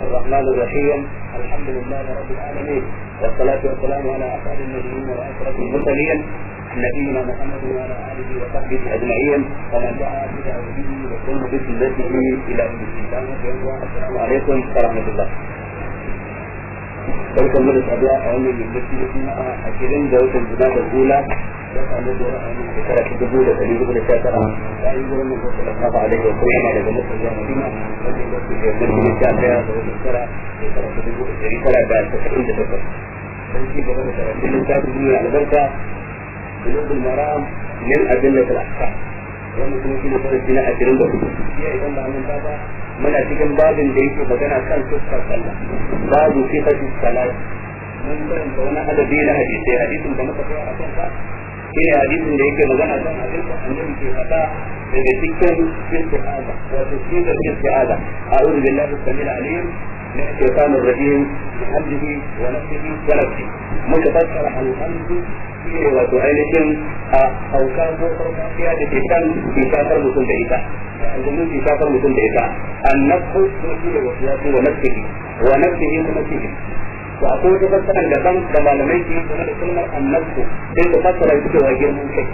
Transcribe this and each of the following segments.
الرحمن الرحيم الحمد لله رب العالمين والصلاة والسلام على أفعال النبيين وأسرة المرسلين نبينا محمد وعلى آله وصحبه أجمعين ومن دعا وكل بسم الله إلى يوم الدين السلام عليكم ورحمة الله barkan mu da saduwa a wannan yammaci da kuma a ashirin da watan juna da gula ya samu gora a wannan shekara ta dubu da ɗari hudu da sha tara da an gora da wasu lafafa a da wasu yana daga masu zuwa madina wanda da wasu da yammaci na sha ɗaya da wata shekara shekara ta dubu da ɗari tara da tasa'in da takwas. Sun ci gaba da karatun littafin duniya albarka. Bulugul Maram min Adillatul Ahkam. wanda kuma shi ne sarrafi na ashirin da hudu idan ba mun ba muna cikin babin da yake magana kan fuskar sallah babu fi fasu salat mun karanta wani adabi na hadisai hadisin da muka kawo a kan ka shi ne hadisin da yake magana kan abin da annabi ke faɗa daga cikin istiaza wato cikin istiaza a'udhu billahi samil alim من الشيطان الرجيم من عبده ونفسه ونفسه متفكر عن الأمر shine wato ainihin a hauka ko farfafiya da ke kan shafar mutum da ita aljanu ke shafar mutum da ita annabku ko shi ne wasu yasu wa nafsihi wa nafsihi kuma shi ne to akwai da malamai ke kuma da kalmar annabku sai ta fassara cewa girman kai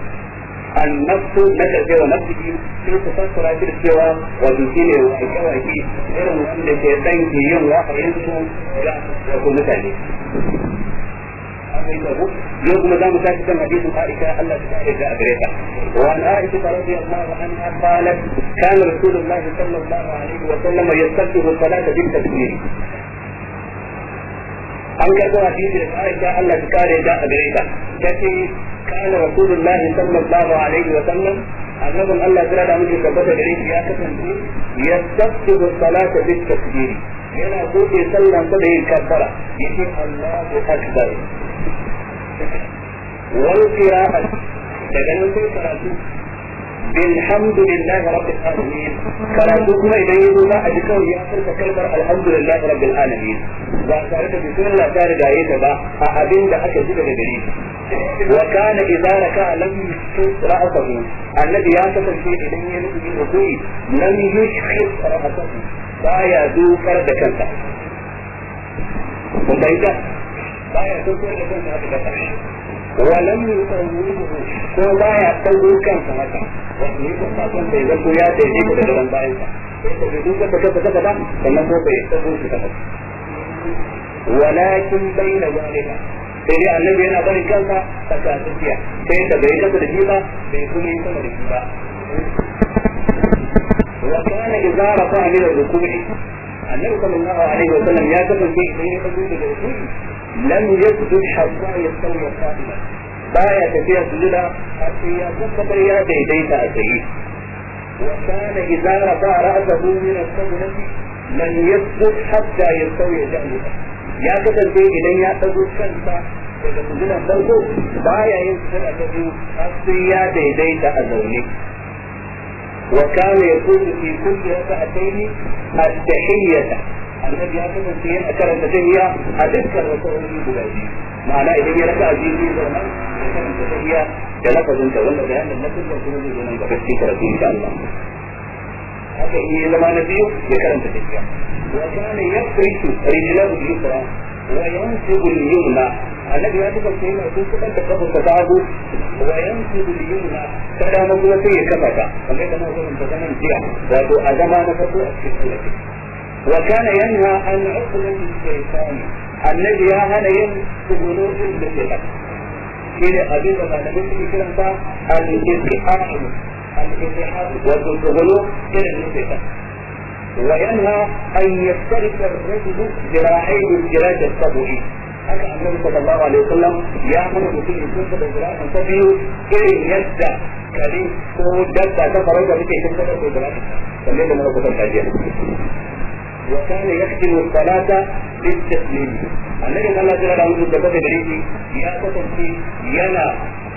النفس نجد ونفسه sai ku fassara shi da cewa wato shi ne wake wake irin mutum da ke san ke yin wahayin su ga wato mutane yau kuma za mu tashi kan hadisin Aisha Allah ta kare ta gare ta wa an Aisha radiyallahu anha qalat kana Rasulullahi sallallahu alaihi wa sallam yastaghfiru salata bint tasbih an karɓo hadisi da Aisha Allah ta kare ta a gare ta tace kana rasulullahi sallallahu alaihi wa sallam annabin Allah kira da muke tabbata gare shi ya kasance ya tafsiru salata bi tasbiri yana buɗe sallan sa da yin kabbara yace Allahu akbar wani kira daga nan sai karatu alhamdulillahi rabbil alamin karatu kuma idan ya zo za a ji kawai ya furta kalmar alhamdulillahi rabbil alamin ba tare da bismillah ta riga yi ta ba a abin da aka ji daga gare wa kana idza raka lam ra'sahu annabi ya kasance idan ya nufi rukui lam yushkhis ra'sahu baya dukar da kun dukar da da ولم يطوله ko ba ya tsawo kansa mata wasu ne kuma son bai zato ya daidai ko da daban bayan sa sai da duk da kafa da sannan ko bai tsawo shi kafa walakin baina zalika sai dai annabi yana barin kansa tsaka tsakiya sai da bai kasa da shi ba bai kuma yi sama da shi ba wa kana idza rafa'a min al-rukui annabi sallallahu alaihi wa sallam ya kasance idan ya kazo lam yasjud hatta yastawi qa'iman baya tafiya sujuda har sai ya tabbatar ya daidaita a tsaye wa kana idza rafa ra'sahu min as-sajdati lam yasjud hatta yastawi jahluhu ya kasance idan ya dago kansa daga sujudan farko baya yin sujada ya daidaita a zaune وكان يقول في كل ركعتين التحية annabi ya kasance yana karanta tahiya a dukkan rakawoyi guda biyu ma'ana idan ya raka biyu zai zauna ya karanta tahiya da lafazin ta wanda bayanin na kullum kuma zai zo nan gaba cikin karatu insha Allah haka in ya zama na biyu ya karanta tahiya wa kana yafritu rijlahu al-yusra wa yansibu al-yumna annabi ya kasance yana tuntuɓar da kafin ta hagu wa yansibu al-yumna ta dama kuma sai ya kafa ta kamar yadda na zo mun ta nan jiya wato a zama na farko a cikin sallah وكان ينهى عن عقل الشيطان annabi ya hana yin tsugunotin da ke ɗan shi ne abin da malamai suke kiranta al-ibtihadu al-ibtihadu wato tsuguno irin na ke ɗan وينهى أن يفترس الرجل ذراعيه الجراج السبعي haka annabi sallallahu alaihi wasallam ya hana mutum ya tunta da zira'in ta biyu irin yadda kare ko dabba ta farauta take tunta da zira'in kamar da muka kusanta jiya وكان يختم الصلاة بالتسليم النبي صلى الله عليه وسلم da kafa gare shi ya kasance yana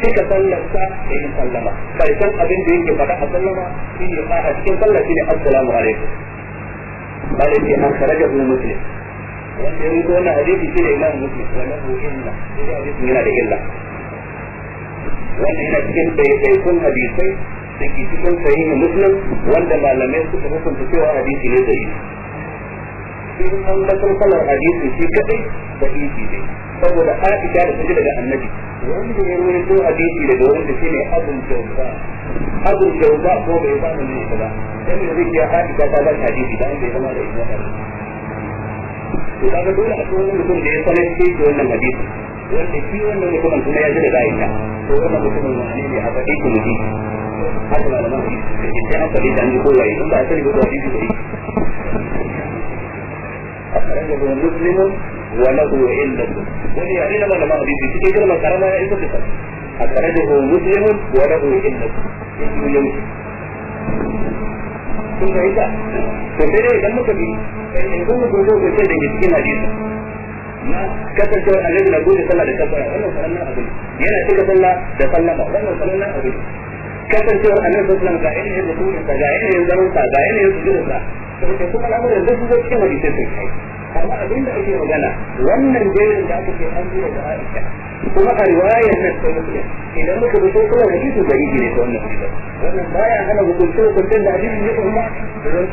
cika sallarsa da yin sallama karshen abin da yake faɗa a sallama shi ne a cikin sallar shi ne assalamu alaikum bare ke nan karaja ibn muslim wanda ya rubuta wannan hadisi shi ne imam muslim wa lahu illa shi hadisin yana da illa wannan yana cikin ɗaiɗaikun hadisai da ke cikin sahihin muslim wanda malamai suka hukunta cewa hadisi ne da yi in an ga kalkalar hadisi shi kadai da iji ne saboda Aisha da ta ji daga annabi wanda ya rawaito hadisi daga wanda shine abun jawza abun jawza ko bai ba mu ne ba dan da zai ya Aisha ta ba hadisi dan bai zama da ina ba to kaga dole a cikin mutum da ya sanar shi da wannan hadisi wanda shi wannan mutumin kuma ya ji daga Aisha to wannan mutumin ne a faɗi ku ji haka malaman hadisi sai an faɗi dan ko wai in ba sai ko hadisi أخرجه مسلم وله علة وهي علم لما أبي في كتير كلمة كرمة يا إبن أخرجه مسلم وله علة اسم يمشي kun fahimta to sai dai idan muka bi yanzu mu zo mu ce da cikin hadisi na kasancewar annabi na gode sallah da kafara wannan sallan abu yana cika sallah da sallama wannan sallan abu kasancewar annabi sallallahu alaihi wasallam ga yanayin mutunta ga yanayin zamansa ga yanayin sujudinsa saboda kuma al'amuran da su zo cikin hadisai sun kai amma abinda ake magana wannan jerin da aka ke an zuwa da Aisha kuma a riwayar nan ta Muslim idan muka bi sai kuma hadisi garibi ne ta wannan wannan baya hana hukunce da hadisi ne kuma da zan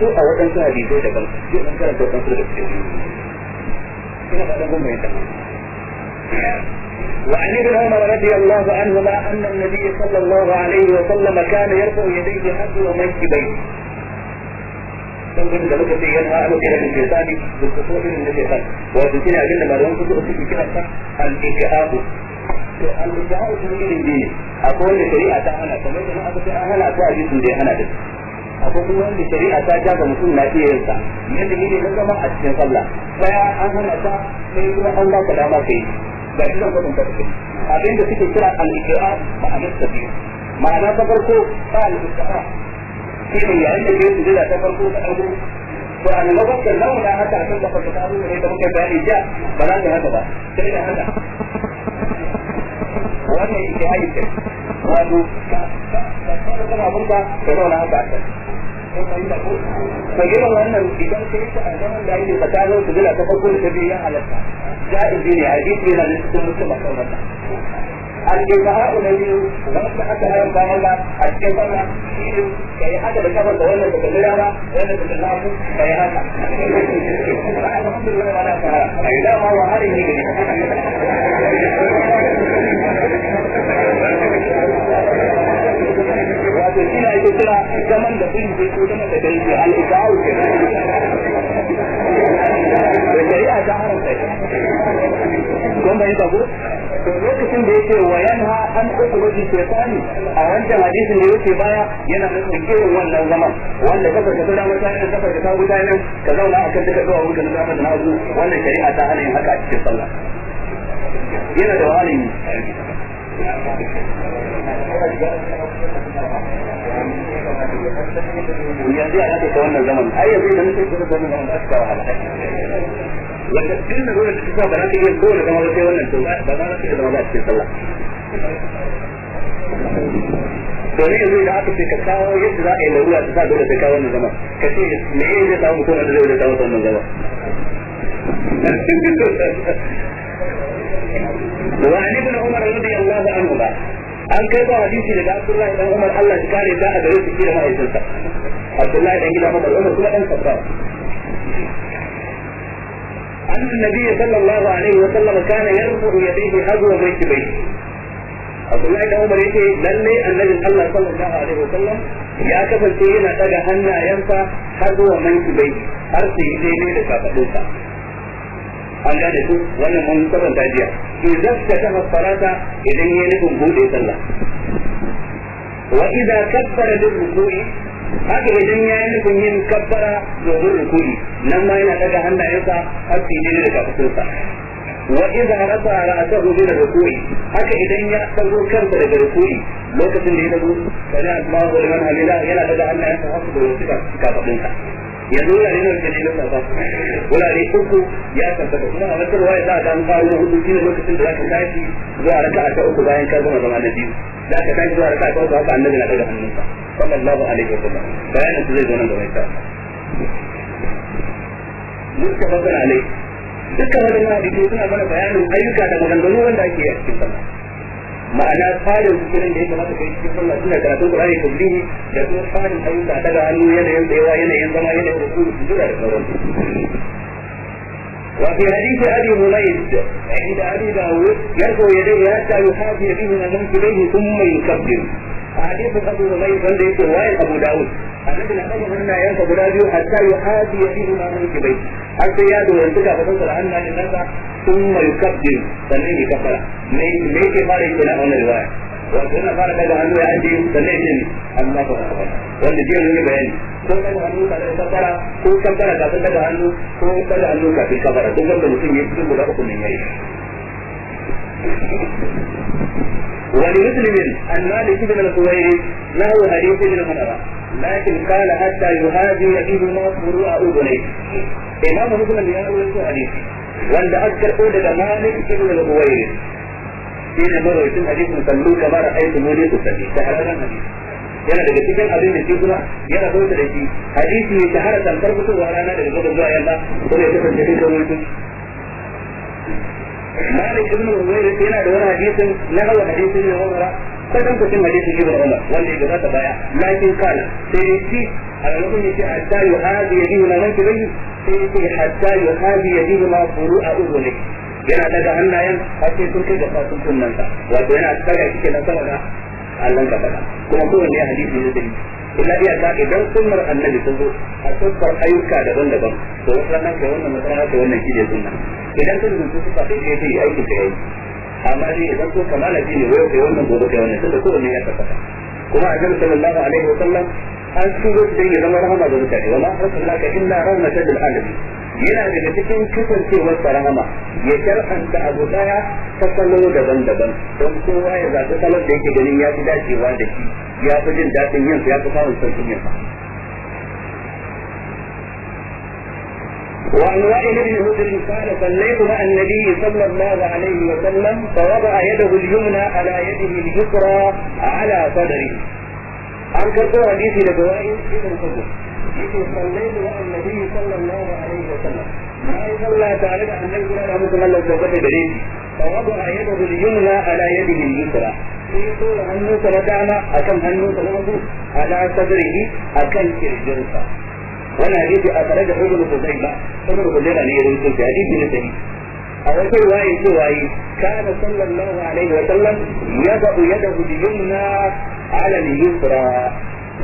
so a waɗansu hadisai daban zai an karanta waɗansu da suke ina وعن ابن عمر رضي الله عنهما ان النبي صلى الله عليه وسلم كان يرفع يديه حتى ومنكبيه sauran da lokacin yana a lokacin da yake tsani da tsofaffin da ke kan wato kina abin da malaman kuka suke kira sa al-ijabu to al-ijabu sun irin ne akwai wanda shari'a ta hana kamar da aka ce an hana ta a jisun da ya hana din akwai kuma wanda shari'a ta ja ga mutum na iya yin sa yadda ne na zama a cikin sallah daya an hana ta sai kuma an ba ka dama ka yi ga shi zan kwatanta da kai abinda suke kira al-iqra ma'anar ta biyu ma'ana ta farko ta al-iqra shi ne yayin da ke sujada ta farko ta dago to a maimakon ka zauna haka a kan kafa ta abu ne da muke bayani jiya ba za ka haka ba sai da haka wannan iqra ne wato ka ka ka ka ka ka ka ka ka ka ka to irin wannan idan kai ta zaman da yake tsakanin su bila ta farko da ta biyu ya halatta ja'izi ne hadisi yana da cikin mutum akan wannan al-ibha'u na biyu wanda aka haramta maka a cikin sama shi ne kai haka da kafar da wannan da kalli rana wannan da kalli ba kai haka alhamdulillah wala fara dama wa harin ne kira zaman da bin zai ko zaman da dai al-iqa'u ke da shari'a ta haramta kun bayyana ko to lokacin da yake wa yanha an ukhruji shaytani a wancan hadisin da yake baya yana nufin irin wannan zaman wanda kafa ka tura mata ne kafa ka tawo ta ka zauna akan duka zuwa wurin da na zu wannan shari'a ta hana yin haka a cikin sallah yana da wahalin yanzu ya nake ta wannan zaman ai yanzu idan nake ta wannan zaman ba su wahala wanda tun da zuwa cikin ba na cikin kowane zama ba sai wannan ba za na cikin zama ba cikin sallah domin yanzu idan aka ce ka kawo yadda za a yi larura ta sa dole sai kawo wannan zaman ka ce me ne zai samu mutum wanda zai kawo wannan zaman وعن ابن عمر رضي الله عنهما an kai ba hadisi daga Abdullahi dan Umar Allah ya kare da a gare shi da mahaifinsa Abdullahi dan gida Umar Umar kuma أن النبي صلى الله عليه وسلم كان يرفع يديه حذو بيت بيت Abdullahi da Umar yake lalle annabin Allah sallallahu alaihi wasallam ya kasance yana daga hannayensa har zuwa manki bai har sai dai ne da kafadinsa an gane ku wannan mun karanta jiya idan ka ta farata idan ya nufin bude sallah wa idza kabbara da ruku'i haka idan ya nufin yin kabbara domin ruku'i nan ma yana daga hannayensa har su yi da kafafunsa wa idza rafa ra'sahu da ruku'i haka idan ya tsaro kansa daga ruku'i lokacin da ya dago sami Allahu liman hamida yana daga hannayensa har su yi da kafafunsa yanzu wurare ne wanda ne na saba ne uku ya tabbata kuma a wata ruwaya za a dan kawo na hudu shine lokacin da za ka tashi zuwa raka'a ta uku bayan ka gama zama na biyu za ka tashi zuwa raka'a ta uku haka annabi na daga hannunsa sallallahu alaihi wa sallam bayanin su zai zo nan gaba ita muttafaqun alaihi dukkan wadannan hadisi suna mana bayanin ayyuka da maganganu wanda ake yi a cikin sallah ma'ana tsarin kiran da ya kamata kai cikin sallah suna karatun Qur'ani ko bihi da kuma tsarin ayyuka daga hannu yanayin da yawa yanayin zama yanayin da kuma sujuda da sauran wa fi hadisi abi humayd inda abi dawud yarko yadayhi hatta yuhadi bihi an lam yubayhi thumma yukabbiru hadisin abu da mai wanda yake wayan abu dawud annabi na daga hannayensa guda biyu hatta ya hadi ya fihi ma mun kibai har sai ya dora suka fa sanar hannayen nasa sun mai kabdin sannan ya kafara me me yake fara yake na wannan riwaya wato na fara daga hannu ya aje sannan ya ne Allah ba wanda jiya ne bayani ko daga hannu ka da kafara ko kafara kafin daga hannu ko daga hannu kafin kafara mutum ya fito guda uku ne ولمسلم عن مالك بن الحويرث نحو حديث ابن عمر لكن قال حتى يهاجي فيهما فروع اذنيه امام مسلم يا رواه حديث wanda aka karɓo daga Malik ibn al-Huwayris shi ne marwayin hadisin sallu kamar aikin muni ku yana daga cikin abin da ke kuma yana bauta da shi hadisi ne shahara tamkar fitowa rana daga gaba zuwa yamma kuma ya kasance cikin rubutu malik ibn umair yana da wani hadisin na hawa hadisin na umara ko dan kusin hadisin ibn umar wanda ya gabata baya lakin kana sai shi a lokacin yace hatta yuhadi yadihi na nan kibai sai yace hatta yuhadi yana daga hannayen har sun kai da fasun kunnansa wato yana tsara shi nasara sama da Allah ka faɗa kuma kowanne hadisi ne da illa iya ka idan sunnar annabi sun zo a tsaffar ayyuka daban-daban to wannan ranar kai wannan matsala ta wannan kide sunna idan sun zuci suka fi ke yi aiki da yayi amma ne idan ko kamala shi ne wai kai wannan gobe kai wannan tunda kowanne ya tabbata kuma a jirgin sallallahu alaihi wa sallam an su zo dan ya zama rahama ga mutane wa ma arsalnaka illa rahmatan lil alamin yana daga cikin kasancewar rahama ya shar'anta abu daya ta salo daban-daban don kowa ya zaɓi salon da yake ganin ya fi dacewa da shi ya fi jin daɗin yin ya fi samun sauƙin yin وعن وائل بن هدر قال صليت مع النبي صلى الله عليه وسلم فوضع يده اليمنى على يده اليسرى على صدره. عن كربو حديث لدوائل ابن فضل. yake sallaitu wa annabi tare da annabi da da sai hannunsa akan hannunsa na hagu a tare da ibn ne ya rubuta shi a wata riwaya da yi kana sallallahu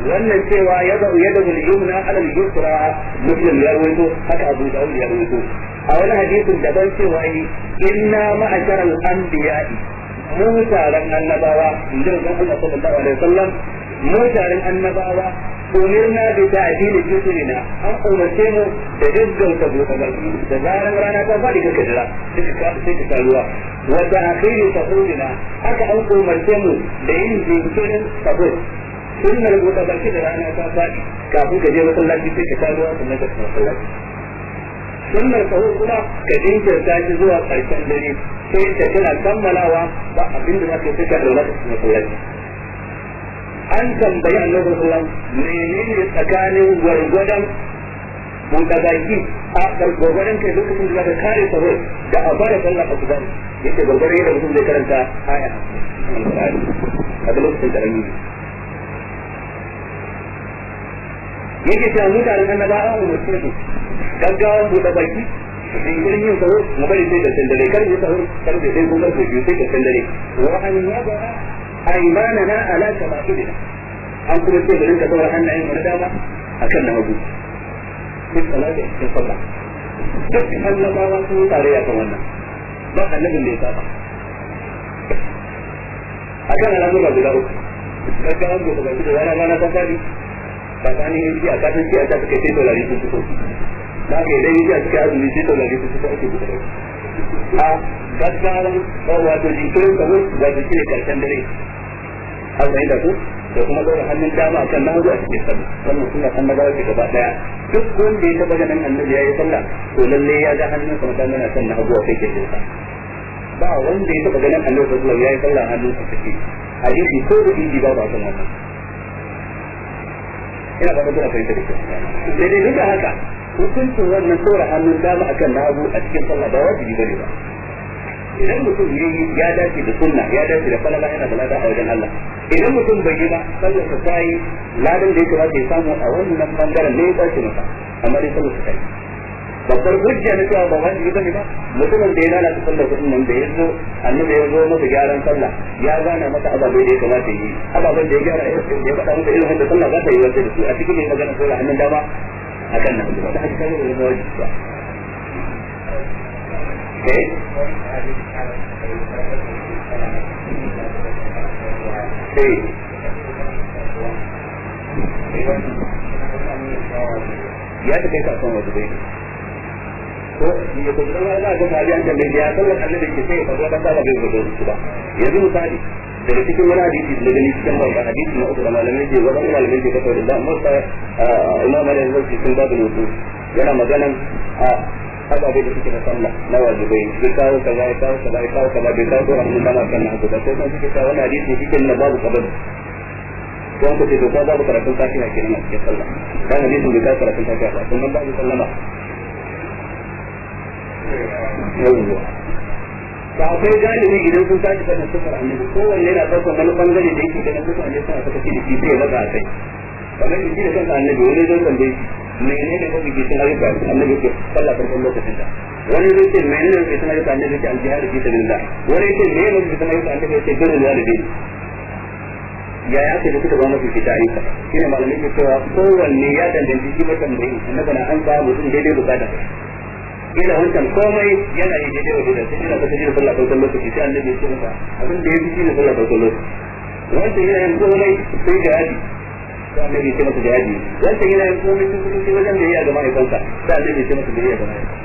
wannan cewa ya zaɓu ya zaɓu yumna alal yusra muslim ya rawaito haka abu da'ud ya rawaito a wani hadisin da daban cewa yi inna ma'asharal anbiya'i mu taron annabawa inda zan Allah sallallahu alaihi wasallam mu taron annabawa umirna bi ta'dil jusulina an umarce mu da gaggauta buɗe baki da zaran rana ta fadi ka kadira duka ka sai ka ruwa wa ta'khiri sahurina haka an umarce mu da yin jinkirin sahur tun da rubuta baki da rana ta faɗi kafin ka je masallaci sai ka kawo sannan ka tafi masallaci sunnar sahu kuma ka jinkirta shi zuwa ƙarshen dare sai ka tana kammalawa ba abin da za ka sai ka ɗaura tafi masallaci an tambayi annabi sallallahu menene tsakanin gwargwadon buɗe baki a gwargwadon kai lokacin da za ka kare sahu da a fara sallah a kuban yake gwargwadon yadda mutum zai karanta aya a lokacin karami yake cewa na annabawa mu mutu su gaggawan buɗe baki jinkirin yin sahu mu bari sai da sandare kar mu sahu kar da sai kuma ku sai da sandare wa an yaba aymanana ala shababina an kuma ce da ka tsawar hannayen mu na dama akan na hagu duk salati cikin sallah duk annabawa sun tarayya kan wannan ba annabin da ya saba akan al'amura guda uku gaggawan da baki da rana rana ta fadi tsakanin yin shi'a kasan shi'a ta suka sai taurari sun fito da haka idan yin shi'a suka yi azumi sai taurari sun fito ake gudanar a gaskaran wato jinkirin sahur wato shi ne karshen dare an zai da su da kuma ɗaura hannun dama a kan nahudu a cikin sallah wannan suna san maza wace gaba ɗaya duk wanda ya taɓa ganin annabi ya yi sallah to lallai ya ga hannun sa musamman yana son nahudu a kai ke jinsa ba wanda ya taɓa ganin annabi sallah ya yi sallah hannun sa take hadisi ko da inji ba ba san wannan ina da kuna fahimta da kyau sai dai duk da haka hukuncin wannan tsora hannun dama akan na a cikin sallah ba wajibi bane ba idan mutum ya yi ya dace da sunna ya dace da falala yana da lada a wajen Allah idan mutum bai yi ba sallar sa tayi ladan da ya kamata ya samu a wannan bangaren ne ya dace masa amma dai sallar sa tayi babbar hujja na cewa ba wajibi bane ba mutumin da ya lalata sallar kudin nan da ya zo annabi ya zo masa gyaran sallah ya gana masa ababe da ya kamata yi ababen da ya gyara ya ya faɗa masa irin wanda sallah za ta yi wanda da su a cikin yin magana sallah hannun dama a kan nan da haka ta yi da ba eh? Eh. ya ta kai kasuwan wajibi ko to kuma za ga mali an tambaye ya san wannan da ke sai ba ta ba ga gudu su ba yanzu misali daga cikin wani hadisi da gani cikin ba hadisi na uku da malamai ke wadan malamai ke kafa da masa imam Ali zai cikin babu wudu yana maganan a ababe da suke na sallah na wajibai bai kawo kaza ya kawo kaza bai kawo kaza bai kawo ko amma kana sallah ko da ko kan cikin wani hadisi cikin na babu kabari don ku ce babu karatun fatiha kenan a cikin sallah dan hadisin bai kawo karatun fatiha ba kuma babu sallama ba akwai galibi idan sun tashi fadin sufar annabi kowanne ɗaukar wani da yake ganin sufar annabi suna saka da shi ya baka a kai kamar da shi da kanka annabi wani zai tambaye shi ne kuma ke cin ayyuka annabi ke sallah farkon lokacin da wani zai ce menene ne ke cin ayyuka annabi ke aljihar fi sabilillah wani ce menene ne ke cin ayyuka annabi ke gurin walidai ya ya ce kuka ba mafi fita ayyuka shine malamai ke cewa kowanne ya danganci shi mutum bai annabi na an ba mutum daidai bukata ina hankan komai yana yi daidai wa daidai sai ina ta jira sallah farkon lokaci sai annabi ya ce masa abin da ya fi shine sallah farkon lokaci wancan yana yin komai sai da jihadi sai annabi ya ce masa jihadi wancan yana yin komai sai kuma sai wajen da ya ga mahaifansa sai annabi ya ce masa da ya ga mahaifansa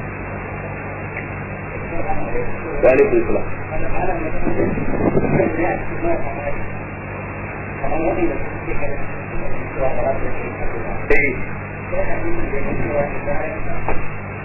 Thank you.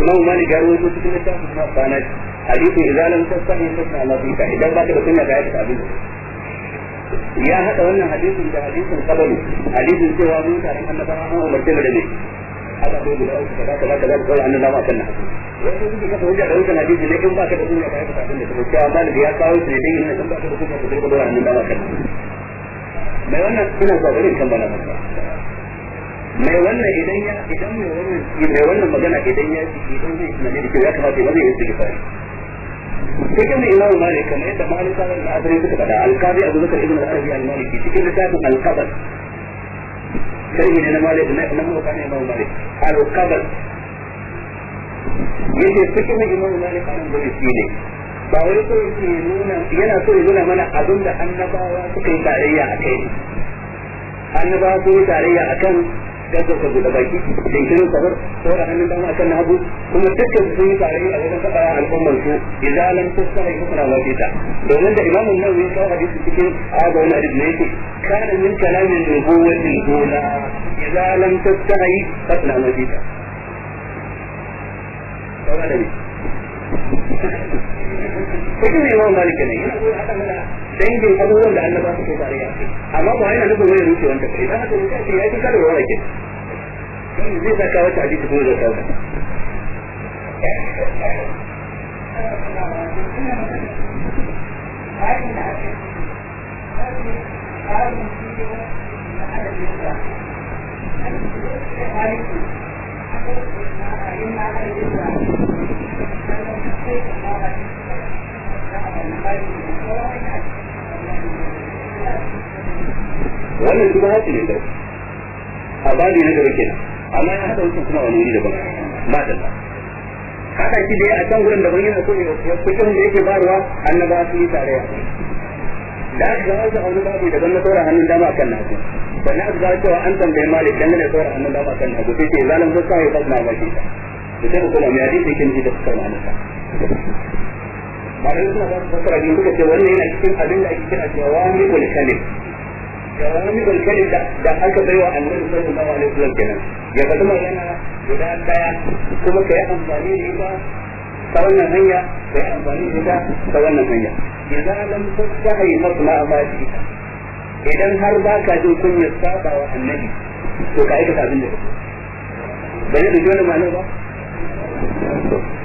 imamu ne ya ko cikin littafin na sanar hadisin idan lam tasahi tasna ma fika idan ba ta da sunna da yadda abin ya hada wannan hadisin da hadisin kabalu hadisin cewa mun tare annabawa an umarce mu da ne haka dai guda uku kaza kaza kaza kan nan da wannan hadisi ne in ba ka da sunna da abin da kuma cewa ya kawo shi ne dai in ba ka sunna ta aikata da kan nan mai wannan ina na mai wannan idan ya idan mai wannan mai wannan magana idan ya ci idan zai tunani da kyau ya kamata ya zai yi istighfari cikin da imamu malik kamar yadda malika da asirin suka fada alkabi abu zakar ibn al-arabi al-maliki cikin littafin al-qabr sharhi ne na malik na na mu kana imamu mali al-qabr yace cikin da imamu malik an gudu shi ne ba wani so yake nuna yana so ya nuna mana abin da annabawa suka yi tarayya a kai annabawa sun yi tarayya a kan shagon ka buɗe baki jinkirin hannun akan kuma dukkan sun yi tare a wajen faɗa al'ummar su idan lam tasara wa domin da imamu nawawi ya kawo hadisi cikin abu wani hadisi ne yake kana min kalamin nubuwatin dola idan lam tasara wa da ne kuma ne yana zuwa dangin abubuwan da annaba suke tare ya amma ba yana nufin wani rufe wanda kai dan haka mutum ya fi kada wani kin zai saka wata hadisi ko zai kawo Thank you. wannan shi ba haƙi ne zai a babi na gaba kenan amma ya haɗa wancan suna wani wuri daban ba da ba haka shi dai a can gurin daban yana so ya kusan da yake barwa annaba su yi tarayya da aka gawa su a wani babu daban na saura hannun dama akan nasu sannan aka gawa cewa an tambaye malik dangane da saura hannun dama akan nasu sai ce zalim zai sa ya fasna ba shi ta da sai ku kuma mai hadisi yake nufi da kusa ma'anarsa malamin suna ba su fassara biyu suka ce wannan yana cikin abin da ake kira jawami wal kalim jawami wal kalim da aka bai wa annabi sallallahu alaihi wasallam kenan ya fata yana guda daya kuma kai amfani da ita ta wannan hanya kai amfani da ita ta wannan hanya idan lam tastahi masna amati idan har ba ka jin kunyar saba wa annabi to ka aikata abin da ba ne da jona malam ba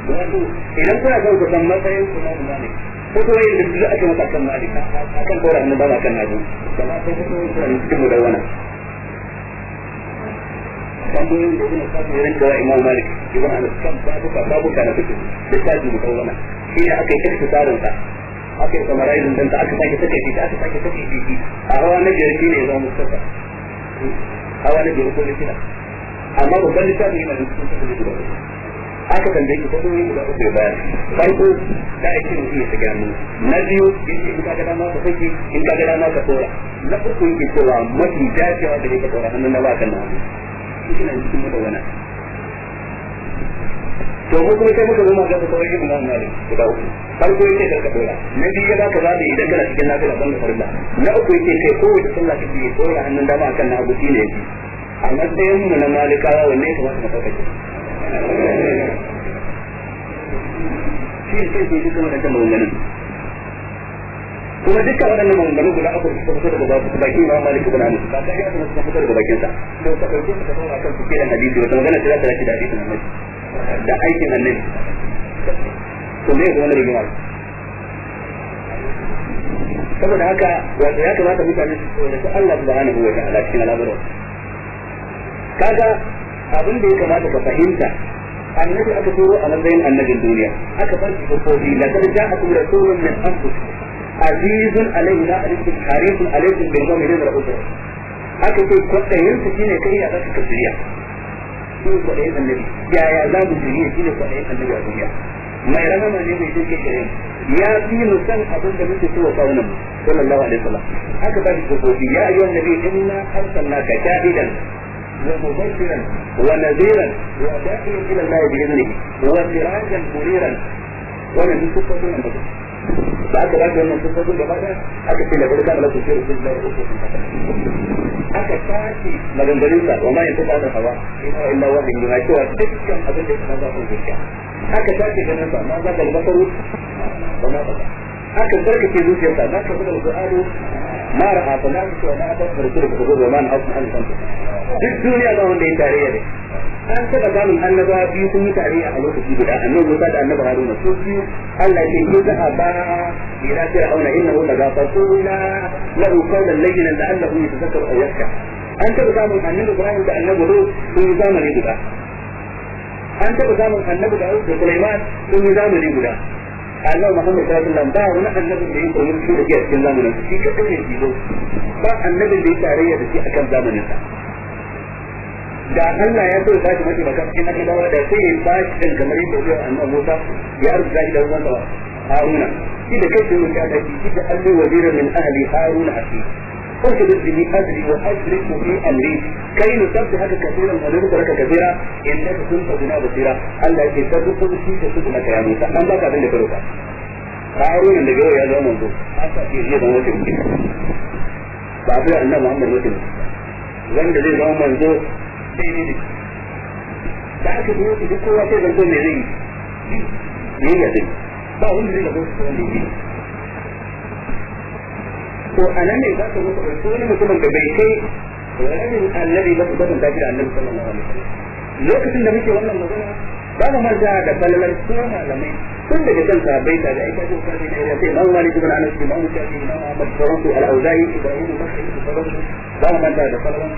wato idan kuna son ku san matsayin ku na umma ne ko kuma yin rubutu ake masa kan malik akan kora annan ba kan nabi kuma sai ku kuma kuna cikin da wannan tambayoyin da yana kafa wurin da imam malik ibn anas kan babu ka babu ka na fitu da taji mu kawwana shi ne aka yi kirki tsarin sa aka yi samarai dan ta aka sake sake shi aka sake sake shi a hawa na biyar shi ne ya zama mustafa hawa na biyar ko na kira amma babban littafin yana da cikin da aka tambaye shi ko yi guda uku ya farko da ake yi ta shiga na biyu ya ce in ka dama ka saki in ka dama ka tsora na uku yake cewa mafi dacewa da ne ka tsora hannun na ba kan na shi na cikin madawana to mu kuma sai muka zama gaba kawai yin nan mali guda uku farko yake da kabura na biyu ya zaka zabe idan kana cikin lafiya ban farilla na uku yake kai kowace sallah kake yi tsora hannun dama akan na abu shine a matsayin mu na malikawa wanne ya kamata mu sauka shi sai ke duka waɗannan maganganun kuma dukkan waɗannan maganganu guda uku suka fito daga ba ka suka fito daga kan su kiran hadisi wata magana dace da da aikin Annabi to me ga wannan saboda haka wato ya kamata mutane su tsoraci Allah subhanahu wa ta'ala cikin al'amuran kaga abin da ya kamata ka fahimta annabi aka turo a matsayin annabin duniya aka bar shi kofofi la kad ja'akum rasulun min anfusikum azizun alayhi la alaikum harisun alaikum bil mu'minina rabbul aka ce kwaɗayin su shine kai ya zaka ka shirya shi kwaɗayin annabi yaya za mu shirya shine kwaɗayin annabi a duniya mai rahama ne mai jin shirin ya fi mu san abin da muke so wa kawunan sallallahu alaihi wasallam aka ba shi kofofi ya ayyuhan nabi inna arsalnaka shahidan ومبشرا ونذيرا وداخلا الى الله باذنه وسراجا منيرا wannan duk suka suna da ba aka ba wannan suka suna gaba da aka ce labarin da Allah ke rubuta da rubuta aka tashi maganganun sa wa ma yanzu ba da hawa ina illa wahin yana cewa dukkan abin da kana zafin zuciya aka tashi ganin sa ma za ka rubuta wa ma ba aka sarkace zuciyarsa za ka rubuta alqur'ani ma ra'a ta nan ce na ta farko da gobe man asu an san duk duniya ba wanda ya tarayya ne an taba samun annabawa biyu sun yi tarayya a lokaci guda annabi Musa da annabi Haruna su biyu Allah ya ce za a ba ila fir'auna innahu la ghafuruna lahu qawlan layyinan la'allahu yatazakkaru aw yakhsha an taba samun annabi Ibrahim da annabi Lut sun yi zamani guda an taba samun annabi Dawud da Sulaiman sun yi zamani guda Allah Muhammad sallallahu alaihi wasallam ba wani annabin da ya koyi shi da cikin zamanin shi kadai ne shi ba annabin da ya tarayya da shi akan zamanin sa da Allah ya so ba shi mace baka cikin annabawa da sai ya ba shi din kamar yadda ya annabi Musa ya arzuta shi da wannan Haruna shi da kai ne ya dace shi da Allah wazirin min ahli Haruna a asiri اجلس لي اجري واشرك في امري كي نسبحك كثيرا ونذكرك كثيرا انك كنت بنا بصيرا الله يجي تدخل في تسبحك يا موسى ان ذاك ابن كروكا هارون da gawa ya zama manzo haka ke zai zama wata mutum ba bai annabi Muhammad wata wanda zai zama manzo sai ne da aka zo duk kowa sai zanto me zai yi ne ya dai ba wanda zai zama wata mutum to anan ne za su mutu su ne mutumin da bai kai rabin annabi ba su kwatanta shi da annabi sallallahu alaihi wasallam lokacin da muke wannan magana ba mu manta da falalar ko malamai tun daga kan sahabbai ta da aika ko karbi da ya sai Imam Malik ibn Anas Imam Shafi Imam Ahmad Faruq al-Auza'i Ibrahim ibn Bakr ibn Sabah ba mu manta da falalar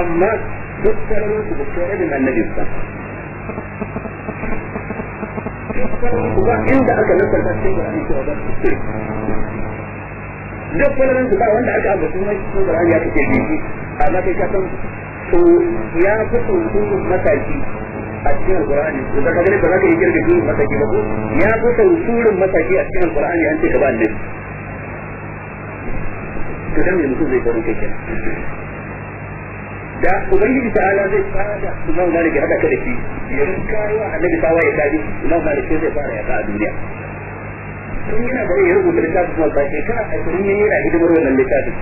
amma duk falalar su da rabin annabi sallallahu inda aka nasarta cikin Qur'ani cewa ba su duk kwallon su ba wanda aka ambaci mai cikin Qur'ani ya kace shi amma kai ka san to ya fi tsoron mataki a cikin Qur'ani to da kaga ba za ka yi kirga tsoron mataki ba ko ya fi tsoron mataki a cikin Qur'ani an ce ka ba annabi to dan mutum zai faru kai da ubangiji ta ala zai fara imam malik ya hada ka da shi ya kawo annabi tawaye kaji imam malik sai zai fara ya ka a duniya in yana da ya rubuta littafin kuma ba shekara ashirin ya yana hidimar wannan littafin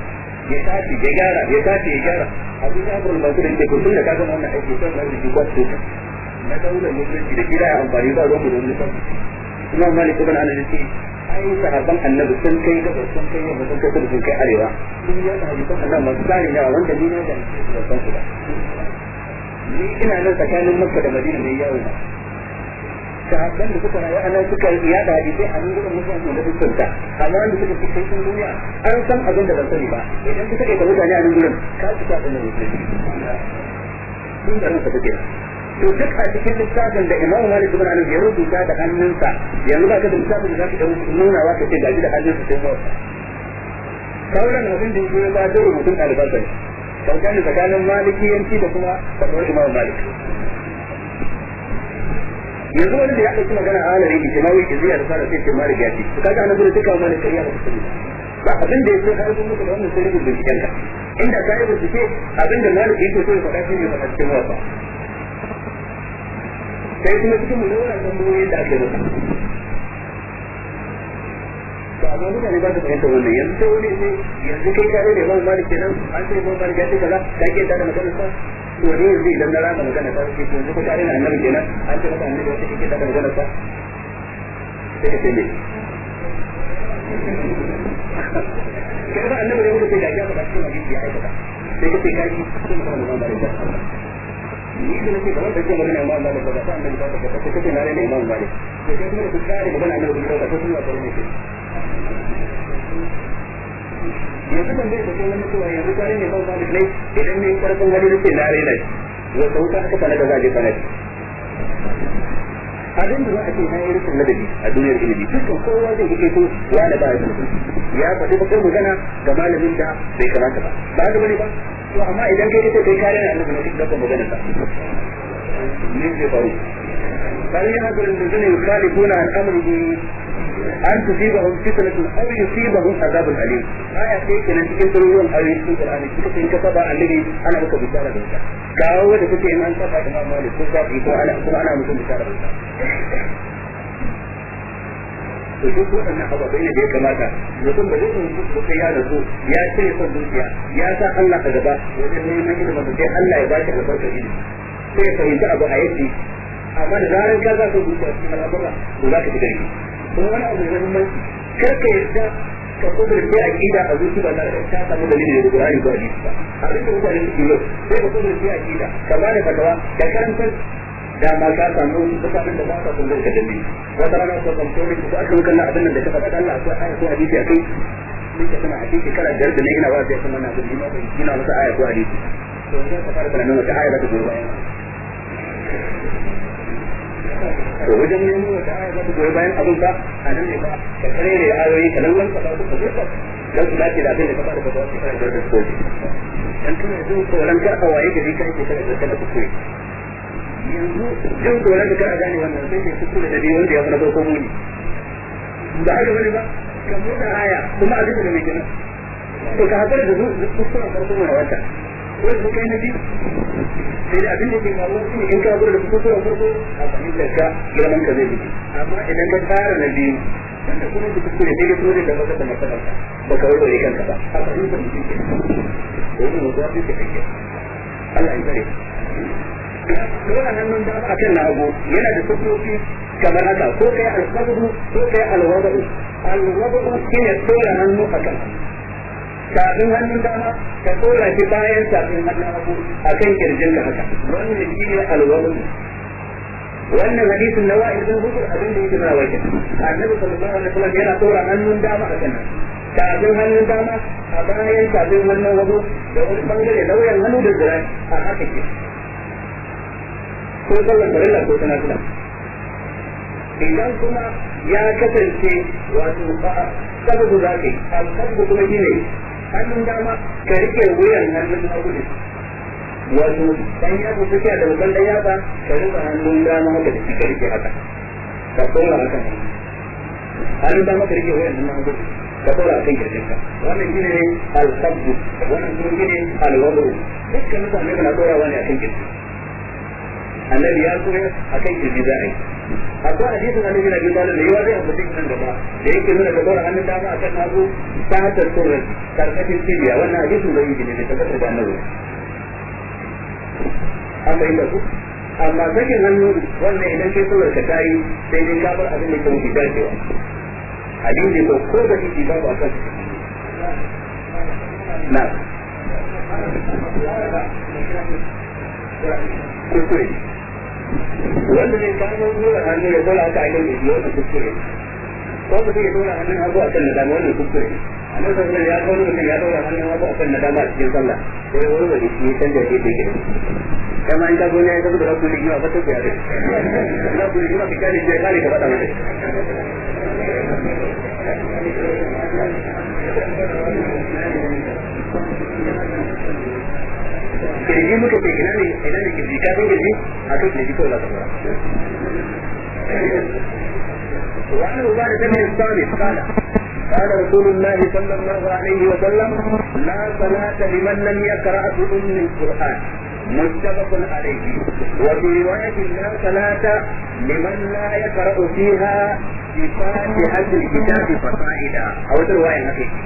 ya tafi, ya gyara ya tafi, ya gyara abu ya abu masu da ke kusun da ka gama wannan aiki kan wani jiki kwasu na daular musulunci da gida ya amfani ba ruwan gudun littafin kuma malik ibn anas ce ai sahabban annabi sun kai gaba sun kai yamma sun kai kudu sun kai arewa sun yi da hadisan annabi masu tsari yawa wanda ni na da ba san su ba ni ina nan tsakanin makka da madina ne yawo sahabban da suka rayu anan suka yada hadisai a nan gurin musulunci da dukkan ta amma wanda suka fi cikin duniya an san abin da ban sani ba idan kuka ɗauka mutane a nan gurin ka ci ta sanin musulunci sun da ranka take to duk a cikin littafin da Imam Malik ibn Anas ya rubuta da hannunsa yanzu ba ka da littafin da za zaka nuna wa ka ce gaji da hannunsa sai mu sauran abin da ya ya ba da rubutun ɗaliban sa ne tsakanin malikiyanci da kuma fatawar Imam Malik yanzu da ya ɗauki magana a halari ke ma wuce ziyar fara sai ke mara gashi su kaga anan gudu duka mana kariya ba su ba abin da ya yake har mutu da wannan sai rubutun cikin ka inda kai bincike abin da maliki yake so ya faɗa shi ne faɗa cikin wata. sai kuma cikin mu lura da mu yadda ake ba a amma mutane ba su fahimta wannan yanzu sai wani ne yanzu kai kare ne ba maliki nan an ce ba maliki fara ce kaza ta ke ta da magana sa to ne zai dan na rana magana ta ce to ko tare na annabi kenan an ce maka annabi wata take da magana ta sai ka tele kaga annabi ne wanda sai ga ba cikin hadisi ya aikata sai ka kai shi cikin magana da ya ni da nake da kuma ke magana imam malik ba ta annabi ba ta ko kace na ne imam malik to sai kuma da tsari magana annabi ba ta ko kuma ba ne yanzu ban zai tafi wani cewa yanzu ta ne ban zalik ne idan ne karfin hali da na rena shi wata wuta aka fana da za a je abin da za a ce na yi rikin ladabi a duniyar ilimi dukkan kowa zai kuke so ya da ba ya faɗi bakar magana ga malamin da bai kamata ba ba ga bane ba to amma idan kai kace kai kare na annabi ne duk bakar magana sa ne zai faru bal yahdur allazina yukhalifuna an amrihi an tusibahum فتنة أو يصيبهم عذاب alim ما sai أن cikin surorin أو Qur'ani kika sai ka saba annabi ana maka bisara da ita kawo da kuke in an saba da mamali ko ka ko ana kuma ana mutum da duk wannan ababai ne da ya kamata mutum ba zai yi su kai ya rasu ya cire son dukiya ya sa Allah a gaba wajen neman ilimin da sai Allah ya ba shi albarkar ilimi sai ya fahimci abu a yadda amma da zarar ka za ka zuciya cikin al'amura to za ka ji gari ko wani abu mai muhimmanci kar ka yarda ka kudurce aqida a zuci ba tare da ta samu dalili da Qur'ani ko hadisi ba abin da mutane suke yau sai ka kudurce aqida ka ba da fatawa da karantar da ma ka samu mutanen da ba ka kun da dalili wata rana ko kan tore ko aka kalla abin nan da ka faɗa Allah ko aya ko hadisi akai mun ka tana a cikin kala da ne ina ba sai kuma na da ni ma ban kina wata aya ko hadisi to ina ka fara bayanin wata aya da ta goyi bayan to wajen neman wata aya za ta goyi bayan abin ba a nan ne ba ka kare ne ayoyi ka lalwan ka ba ku ka zuwa dan su dace da abin da ka ba da ba su kare da su dan kana jin tsoron kar a waye gari kai ke kare da kana ku koyi yanzu jin tsoron da kana gane wannan sai ke su kula da dai wanda ya fara ko muni ba haka wani ba ka buɗe aya kuma abin da mai kenan to ka hakura da su su suna farko mai wata ko su kai na biyu sai da abin da ke faruwa shi in ka gura da kusuran farko a fahimtar ka girman ka zai biki amma idan ka tsara na biyu wanda kuma da kuskure sai da kuma da maka da matsalar ka ba ka kanka ba a fahimtar mutum ke wani mutuwa sai ka kake Allah ya tsare nan nan da a kan lagu yana da sufofi kamar haka ko kai alfadu ko kai alwadu alwadu shine dole nan a kan kafin hannun dama ka tsora shi bayan kafin hannun hagu a kan kirjin ka haka wannan shi ne alwalu wannan hadisin na wa'id bin hudur abin da yake nawa ke annabi sallallahu alaihi wasallam yana tsora hannun dama a kan kafin hannun dama a bayan kafin hannun hagu da wani bangare lauyan hannu da zira a haka ke ko sallan barilla ko tanafila idan kuma ya kasance wato ba a da za ka yi al kuma ne. hannun dama ka rike wuyan hannun hagu ne wato dan yatsa suke da wutan dan yaba ka rike hannun dama haka da ka rike haka ka tsora haka ne hannun dama ka rike wuyan hannun hagu ka tsora akan kirjinka wannan shine ne al wannan shine ne al dukkan mutane na tsorawa ne akan kirjinka annabi ya kure a kan kirji za a yi akwai hadisin annabi na biyu da yawa zai mutum nan gaba da yake nuna da dora hannun dama a kan hagu ta hatar tsoron karkashin cibiya wannan hadisin bai yi ne tabbatar da annabi an bai da ku amma sakin hannu wannan idan kai tsoron ka ta yi sai dai ka bar abin da ke wuce dacewa hadisi ko ko da kike babu kan na kuskure wanda zai kawo zuwa hannu ya dora haka akan gaji wannan kuskure ko mutum ya dora hannun hagu akan nadama wannan kuskure amma sau da ya kawo mutum ya dora hannun hagu akan nadama a cikin sallah ko ya wani wani shi canja da gida kama in ka gona ya zama da rabu da ba ta fiya da rabu da gima ka kyale shi kare ka kirji muka ce ina ne ina ne kirji ka san kirji a to kirji ko la tabara wa an ubada bin salih qala قال رسول الله صلى الله عليه وسلم لا صلاة لمن لم يقرأ بأم القرآن متفق عليه وفي رواية لا صلاة لمن لا يقرأ فيها بفاتحة الكتاب فصاعدا أو رواية حقيقية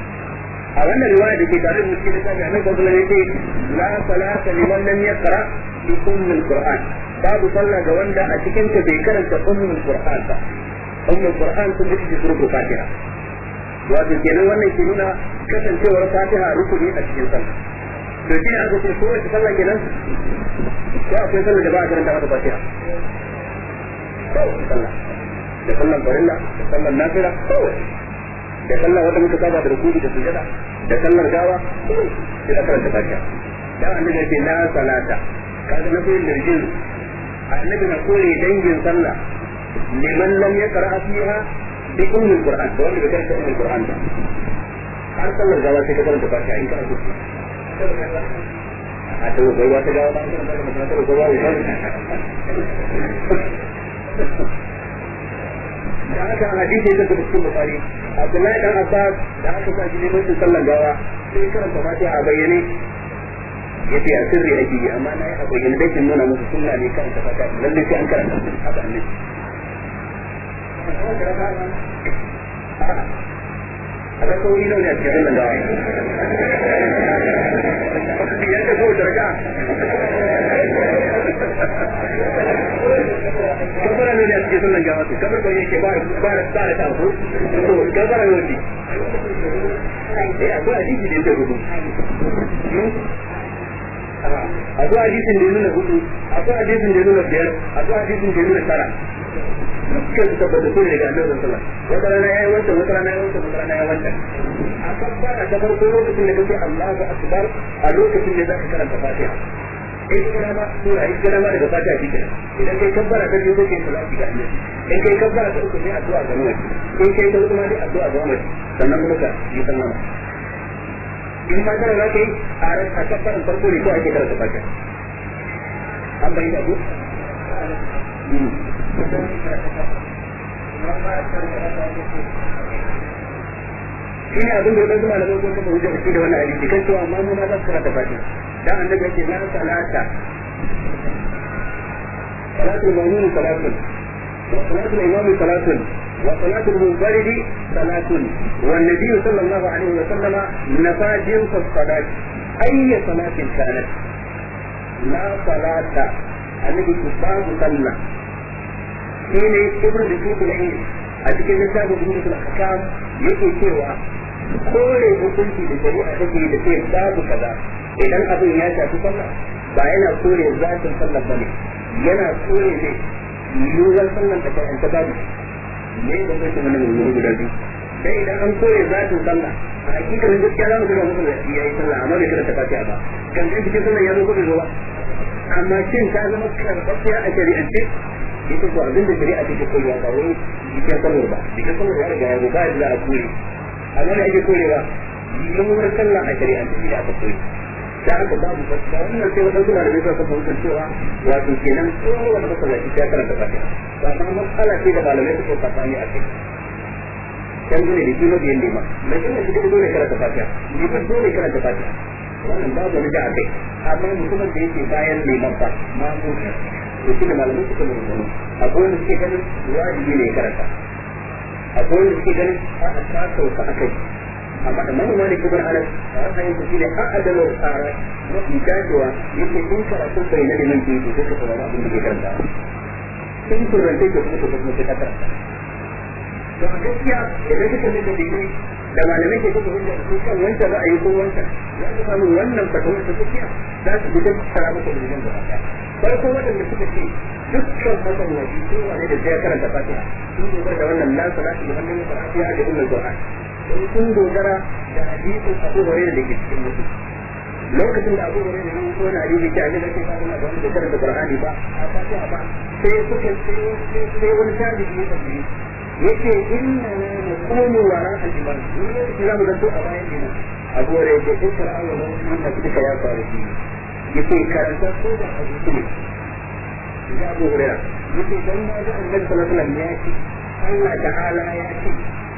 a wannan riwaya da ke tare da muslim da annabi sallallahu alaihi wasallam la salata liman lam yaqra bi ummul qur'an babu sallah ga wanda a cikin ta bai karanta ummul qur'an ba ummul qur'an sun bi surutu fatiha wato kenan wannan ke nuna kasancewar fatiha rukuni a cikin sallah to shi aka ce ko wace sallah kenan ko akwai sallah da ba a karanta mata fatiha ko sallah da sallan farilla da sallan nafira? ko da sallah wata mutu saba da rukuni da sujada da sallar gawa sai da karanta kaka dan annabi ya ce la salata kaga na koyin darjin annabi na kore dangin sallah liman lam yaqra fiha bi ummi alquran to wanda bai karanta ummi alquran ba har sallar gawa sai ka karanta kaka in karanta so a ta gawa ta gawa ta karanta fatiha ta gawa da haka hadisi da daga cikin bukari abdullahi dan abbas da aka sa jini mun sallan gawa sai karanta fatiha a bayyane yace a sirri ake yi amma yi a bayyane dai kin nuna musu sunna ne kan ta fata lalle sai an karanta haka ne. rakawoyi nawa ne a cikin wannan gawa biyar da kowace raka ne a cikin sunan gawa su, kabar kawai yake ba da ba da tafi to kabara ne wace eh akwai hadisi da yake rubu akwai hadisin da ya nuna hudu akwai hadisin da nuna biyar akwai hadisin da nuna tara kan saboda sun riga annabi sallallahu alaihi wata rana yayi wancan wata rana yayi wancan wata rana yayi wancan a lokacin da kake Allahu akbar a lokacin da zaka karanta Fatiha in kana daga Fatiha idan kai kabbara kake salati in kai kabbara addu'a ga in kai addu'a ga sannan kuma ka yi sallama in ma kana a kabbaran farko ne ko ake karanta Fatiha an bayyana ku shi ne abin da wadansu malamai kun kafa hujjar shi da wani hadisi kan cewa amma mu ma za su karanta fatiha dan annabi yake la salata salatul mu'min salatun wa salatul imam salatun wa salatul munfarid salatun wa nabi sallallahu alaihi wa sallama nafajin fa salat ayya salatin kanat la salata annabi babu sallah shi ne ibn bishop na a cikin littafin bishop al-hakam yake cewa kore hukunci da shari'a take da ce babu kaza idan abin ya shafi sallah ba yana kore zatin sallah ne yana kore ne yiwuwar sallah ta karanta ba ne da zai kuma nan wuri guda biyu dan idan an kore zatin sallah a hakikalin gaskiya za mu ga mutum da ya yi sallah amma bai karanta fatiha ba kan cikin sallah ya zo ko bai zo ba amma shin ta zama karɓaɓɓiya a shari'ance ita ko abin da shari'a take koyarwa ba wai jikin sallar ba jikin sallar ya riga ya zo ba da a kore amma da ake korewa lamar sallah a shari'a ta shine aka koyi da aka babu ba wannan sai wadansu da bai sa fahimtar cewa wato kenan kowa da masallaci ya karanta fatiha ba kuma matsala ce da malamai suke tsakani a kai dan gune da kima biyan lima mai kuma shi dole karanta fatiha ne ba dole karanta fatiha wannan babu wani da akai amma mutumin da yake bayan liman ba ma ko to shi da malamai suka mai gani akwai wanda suke ganin wajibi ne karanta akwai wanda suke ganin a ta sauka a kai amma da manoma ne kuma ana ra'ayin su shine a adalo tsara mafi dacewa yake in karatun bai na neman ke ko ka saurari abin da ke karanta in turance ke kuma ka kuma ka karanta to a gaskiya idan kuka ne da digiri da malamai ke kuka hujja da kan wancan ra'ayi ko wancan za ka samu wannan fatawar ta gaskiya za su fitar da maka da gidan gaba ɗaya farko da suka ce dukkan hakan waje ko wani da zai karanta fatiha sun dogara da wannan la shi bi hannun fatiha da ummul qur'an in sun dogara da hadisin Abu Hurairah da ke cikin mutum lokacin da Abu Hurairah ya yi wani hadisi ke annabi ke fara da wani da karanta Qur'ani ba a fatiha ba sai suka sai sai wani tabi'i ne tabi'i yake inna la naqumu wara al-iman ne zamu zanto a bayan dina Abu Hurairah ya ce in fara Allah ne da kika ya faru yace ka da ko da hadisi ne ya Abu Hurairah yace dan ma da Annabi sallallahu alaihi wasallam ya ce Allah ta'ala ya ce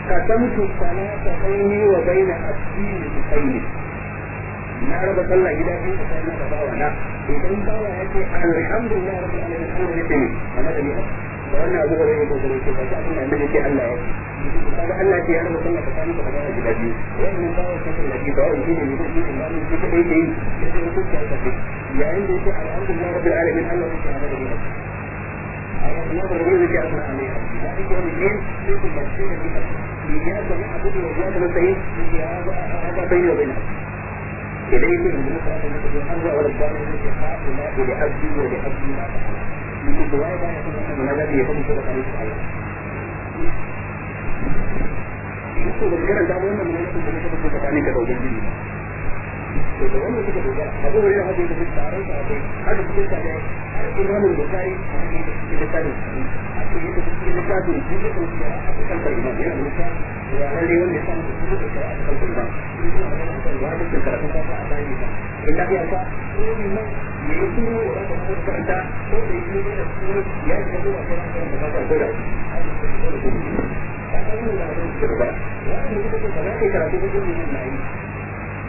ka tamtu salata bayni wa bayna abdi bi na raba sallah gida biyu da sai na bawa na idan da wannan abu da zai dogara ke ba abin da nake Allah ya kaga Allah ya yarda sunna ta kan ka da gida biyu wannan ba wata sunna ji ba wani ne ne ne ba ne ke da yake yi sai ku ta ta yayin da yake alhamdulillah rabbil alamin Allah ya yarda da gida الله الرجل الذي أثنى عليها ذلك هو الدين ليس مشهور بها لجهة جميع عبد وجهة من سيد هذا بيني وبينه إليه من المسألة التي أرجع وربنا التي حاكم لأبدي ولأبدي ما تحدث itu kuai kan itu mengajar dia pun sudah kami sekali. Itu sekarang tak boleh mengajar pun sudah kami kerja begini. to da wannan suka dogara abu ne imamin da kai a cikin da cikin da kai duk da su da abu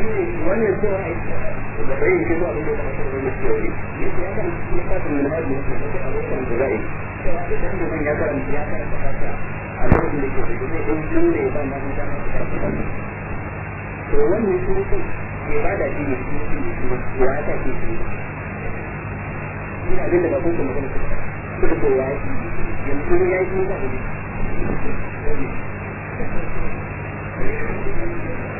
wani ya cewa da bai shi ba abin ba ya kan ya ka tun da zai idan ka ya a lokacin ba to wannan ba da shi ne shi ne shi ne ina kuma yanzu ya yi ne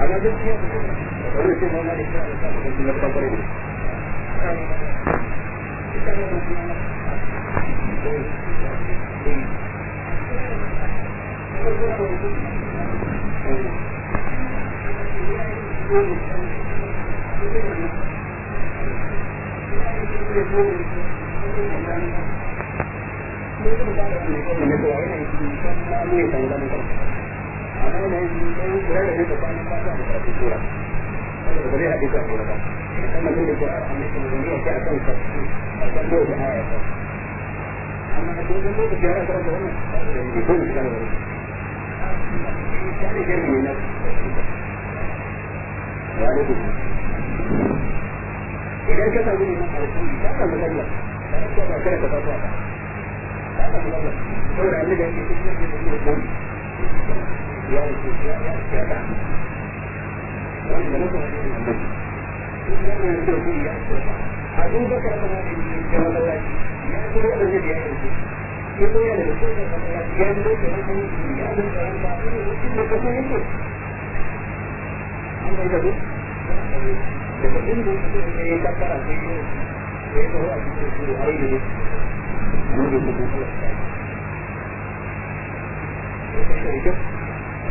Agora eu tinha. Eu tinha uma analisada, eu tinha uma por ele. Thank you. idan ka samu ne a rikin ka samu lallar ka yi kwa ba kare ka ba ba ka samu da da da أبو بكر Thank you.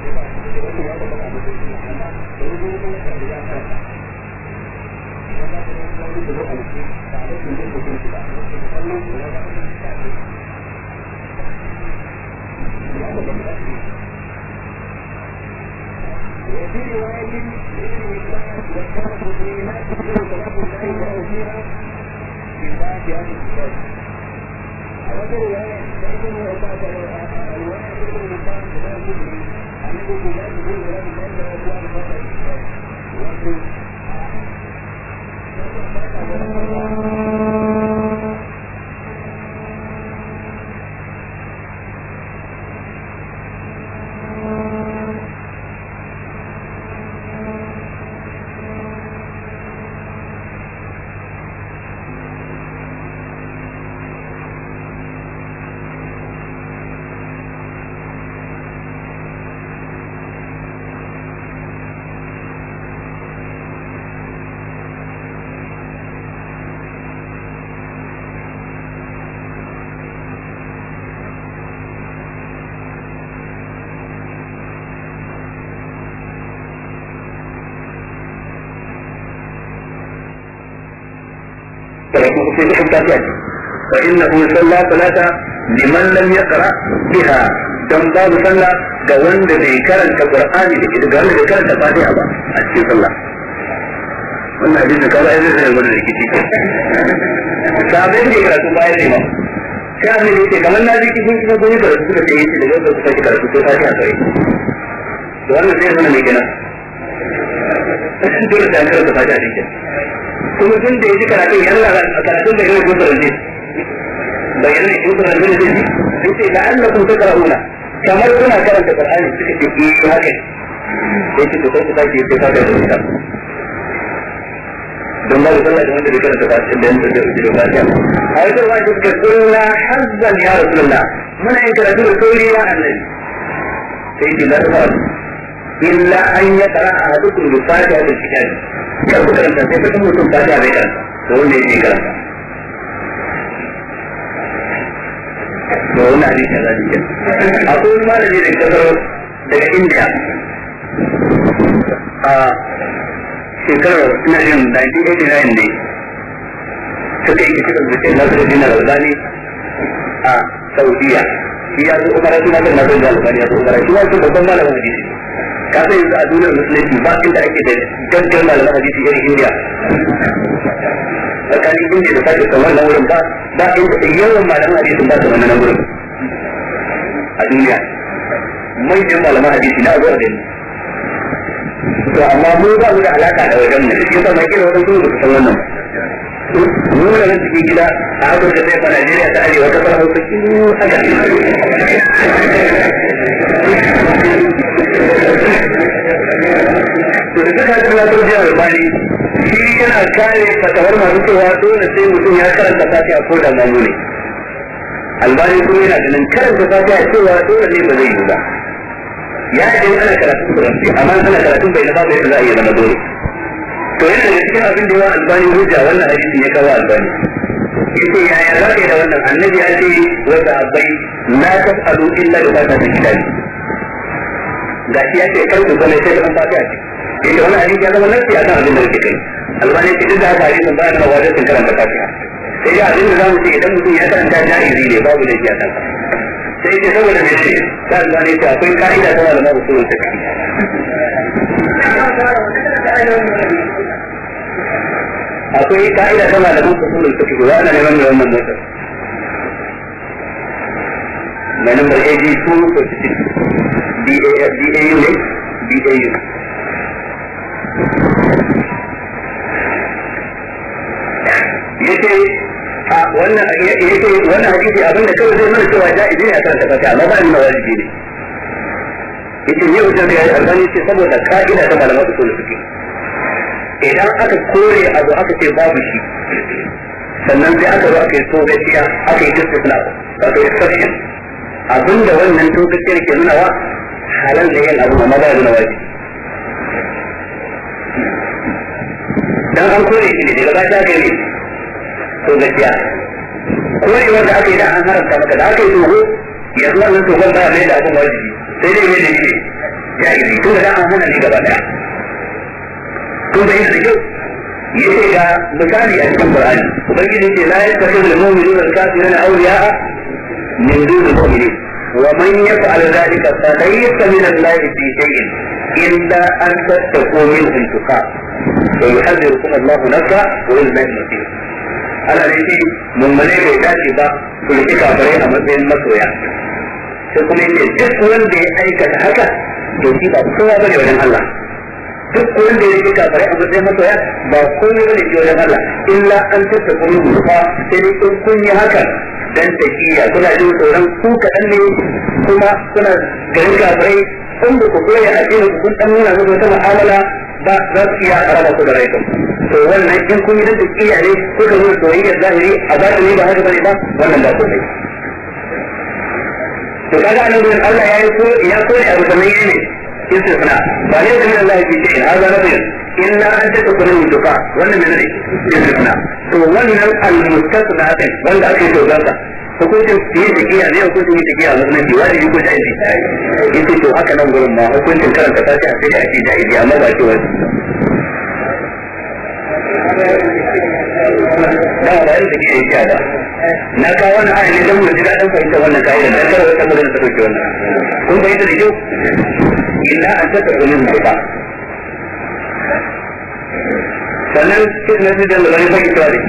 وفي رواية لابن عباس والشرف في ما تقول طلب الله يقرأ فيها في باب هذه الكتاب. وفي رواية ابن عباس رواية ابن عباس لا تدري Thank you. sai ka fa salla salata liman lam yaqra biha dan babu sallah ga wanda bai da bai karanta fatiha ba a cikin ba wani ba sai abin da yake kamar na jiki sun kuma karatu suka da suka karatu kuma tun da ya ji karatun yana karatun da yana gusa rance bayan ne gusa rance da zai sai ce da Allah kun saka rauna kamar kuna karanta Qur'ani suka ce eh haka sai ce to sai ku sake sai ka ga rubuta don ba da sallah da wanda bai karanta Qur'ani da yanda da ido ba ta a wata ruwa ta ce kullu hazzan ya rasulullah muna yin karatu da sauri ya annabi sai ce da ta illa an ya tsara a dukkan da fata da cikin kan ku karanta sai kuma mutum fata bai karanta to wanda yake kan to hadisi da hadisi akwai malami da daga India a shekarar yin 1989 ne suka yi a saudiya shi ya zo suna ya zo shi babban ka sai yanzu a duniyar musulunci ba da ake da gaggar malaman hadisi irin indiya tsakanin indiya da pakistan wannan wurin ba ba inda da yawan malaman hadisi ba su nan wurin a duniya mai da malaman hadisi na zuwa jini, to amma mu ba mu da alaka da wajen mu shi yasa mai kira wajen sun san wannan nuna na cikin gida a Afirka zai fa Najeriya ta arewa ta fara hausa kiwo haka. To da suka haɗu na sojiya albani shi yana kare fatawar masu cewa dole sai mutum ya karanta fatiha ko da mamu ne. Albani kuma yana ganin karanta fatiha cewa dole ne ba zai yi ba. Ya ce ana karatun turanci amma ana karatun bai na ba bai za a iya zama dole. to yana da cikin abin da yawa albani hujja wannan hadisi ya kawo albani yace yaya za ka da wannan annabi ya ce wa sahabbai la tas'alu illa bi ma ta'lamu kitabi ga shi ya ce kar ku zama sai da an fata ce yace wannan hadisi ya zama nasi akan abin da yake kai albani ce duk da haka hadisin ba da wajen sun karanta fatiha sai ya abin da mu ce idan mutum ya karanta jaizi ne babu da shi a kansa sai ce saboda me ce ta albani ce akwai ka'ida ta malaman usulul fiqh akwai ka'ida ta malaman usulul fiqh wa ana neman mai wannan motar mai number AD 246 e, BAU ne BAU yace a wannan yace wannan hadisi abinda kawai zai mana cewa ja'izi ne a karanta fatiha amma ba ni wajibi ne yace ne wajen da ya yi albani ce saboda ka'ida ta malaman usulul fiqh idan aka kore abu aka ce babu shi sannan sai aka zo aka yi togaciya aka yi ta yi exception abinda wannan togaciyar ke nuna wa halar da yin abu amma ba ya nuna wajibi dan an kore shi ne daga baya aka yi togaciya korewar da aka yi da an haramta maka da aka yi ya yanzu nan togon ba ya mai da abin wajen sai dai mai da ne ya yi tun da an hana ne gaba daya kun bai da kyau yace ga misali a cikin Qur'ani ubangiji ce la yattakhidhu al-mu'minuna al-kafirina awliya'a min duni al-mu'minin wa man yaf'al dhalika fa laysa min Allah fi shay'in illa an tattaqu minhum tuqa wa yuhadhirukum Allah nafsa wa yu'minu bihi Allah ne ce mummune bai dace ba su rike kafirai a matsayin masoya sai kuma yace duk wanda ya aikata haka to shi ba kowa bane wajen Allah duk wanda ya ji kafirai a sai masoya ba komai bane ke wajen Allah illa an tatta kulubu ba sai dai in kun yi haka dan takiya kuna jin tsoron ku kadan ne kuma kuna garin kafirai kun da ku koya a cikin kun dan nuna musu wata mu'amala ba za su iya karama ku da rai to wannan in kun yi dan takiya ne ko da nuna soyayyar zahiri a ba ne ba haka bane ba wannan ba komai to kaga annabi Allah ya yi ko ya koya abu kamar yayi ne استثناء فليس من الله في شيء هذا نظير إلا أن تكون الدقاء وأن من الاستثناء وأن المستثنى وأن أكيد ذلك hukuncin yi tafiya ne hukuncin yi tafiya na sunan jiwa da yi kuta yi yake to haka nan gurin ma hukuncin karanta ta a sai da ake da idi amma ba ke wani da ba yin tafiya yake da na kawo wani ayyana don mu ji daɗin fahimta wannan kayan da kar wata mu da ta ɗauke wannan kun bayyana da kyau illa an taka ulul ba sannan cikin nasu da lalari fa ita da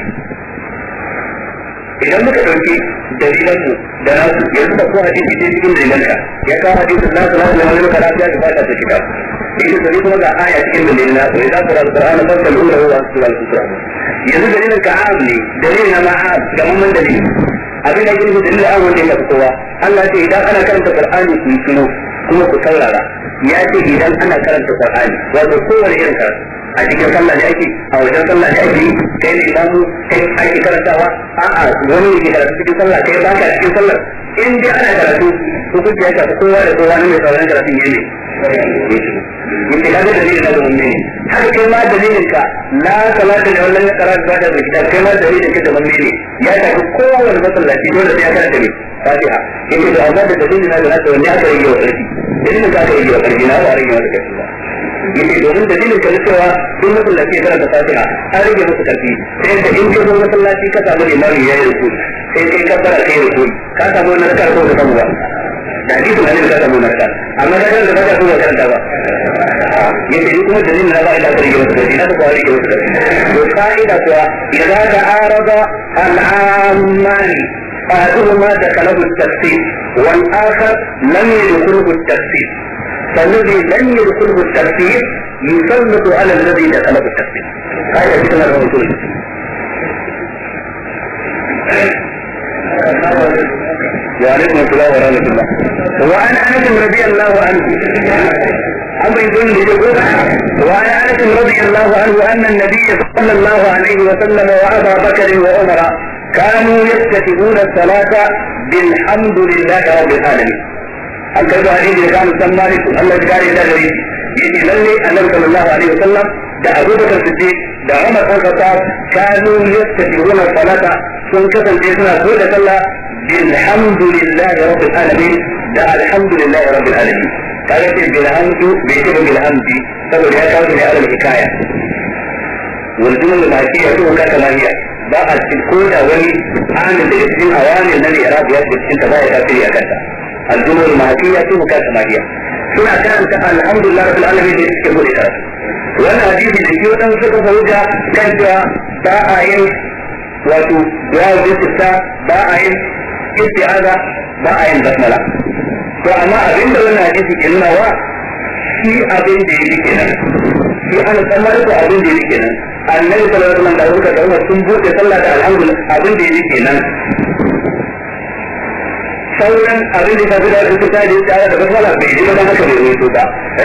idan muka ɗauki dalilanmu da nasu yanzu da ko hadisi ne cikin dalilan ka ya kawo hadisi na su nasu lalari ka lafiya ta fata su kitab yake sani kuma ga aya cikin dalilan nasu ya zaku da alƙur'ana fa sallu lahu wa sallam yanzu dalilin ka am ne dalilin ma am ga mun dalili abin da yake dalilin am wanda ya kowa Allah ce idan ana karanta Qur'ani ku yi kuma ku saurara ya ce idan ana karanta Qur'ani wato kowane irin karatu a cikin sallah ne ake a wajen sallah ne ake kai ne idan kai ake karantawa a wani yake ke karatu cikin sallah kai ba ka cikin sallah in dai ana karatu hukunci ya shafi kowa da kowa ne mai sauran karatun ne in dai kaga dalilin da mun ne har kai ma dalilin ka la salata da wannan karatu ba da kitab kai ma dalilin ka da mun ne ya shafi kowa da masallaci dole sai ya karanta ne fatiha in da Allah da dalilin da na da wannan ya kai yau dalilin ka ka rage wa karfi na ba rage masa karfi domin dalilin ka cewa duk masallaci ya karanta fatiha an rage masa karfi sai da in ka zo masallaci ka samu limami ya yi sai kai ka fara kai rukuni ka samu wani rakar ko ka samu ba da hadisin annabi ka samu rakar da kuma dalilin fa'ida kuwa أحدهما دخله التفسير والآخر لم يدخله التفسير فالذي لم يدخله التفسير يسلط على الذي دخله التفسير هذا كلمة الرسول وعليكم السلام ورحمة الله وعن أنس رضي الله عنه أم يقول لي وعن أنس رضي الله عنه أن النبي صلى الله عليه وسلم وأبا بكر وعمر كانوا يكتبون الصلاه بالحمد لله رب العالمين الكتاب هذه اللي كان تسمى الله جاري جاري يجي للي النبي صلى الله عليه وسلم دا ابو بكر الصديق دا عمر بن الخطاب كانوا يكتبون الصلاه كن كتب بيتنا سوره الله بالحمد لله رب العالمين دا الحمد لله رب العالمين قالت في بالحمد بيتم بالحمد تقول يا كاتب يا الحكايه والجمل الماكيه تقول لك ما هي ba a cikin ko da wani amin da cikin awani na ne rabu ya ce cikin ta ba ya kafiri a kanta al-jumhur mahdiya ce muka samadiya suna karanta alhamdulillah rabbil alamin da suke bude karatu wannan hadisi da ke wadan suka fahimta kan cewa ba a yin wato ya zuciya ba a yin isti'aza ba a yin basmala to amma abinda wannan hadisi ke nuna wa shi abin da yake nan. shi ana dan malaka abin da yake nan annabi sallallahu alaihi wasallam da suka ga sun bude sallah da alhamdulillah abin da yake nan sauran abin da kafin da da da bai haka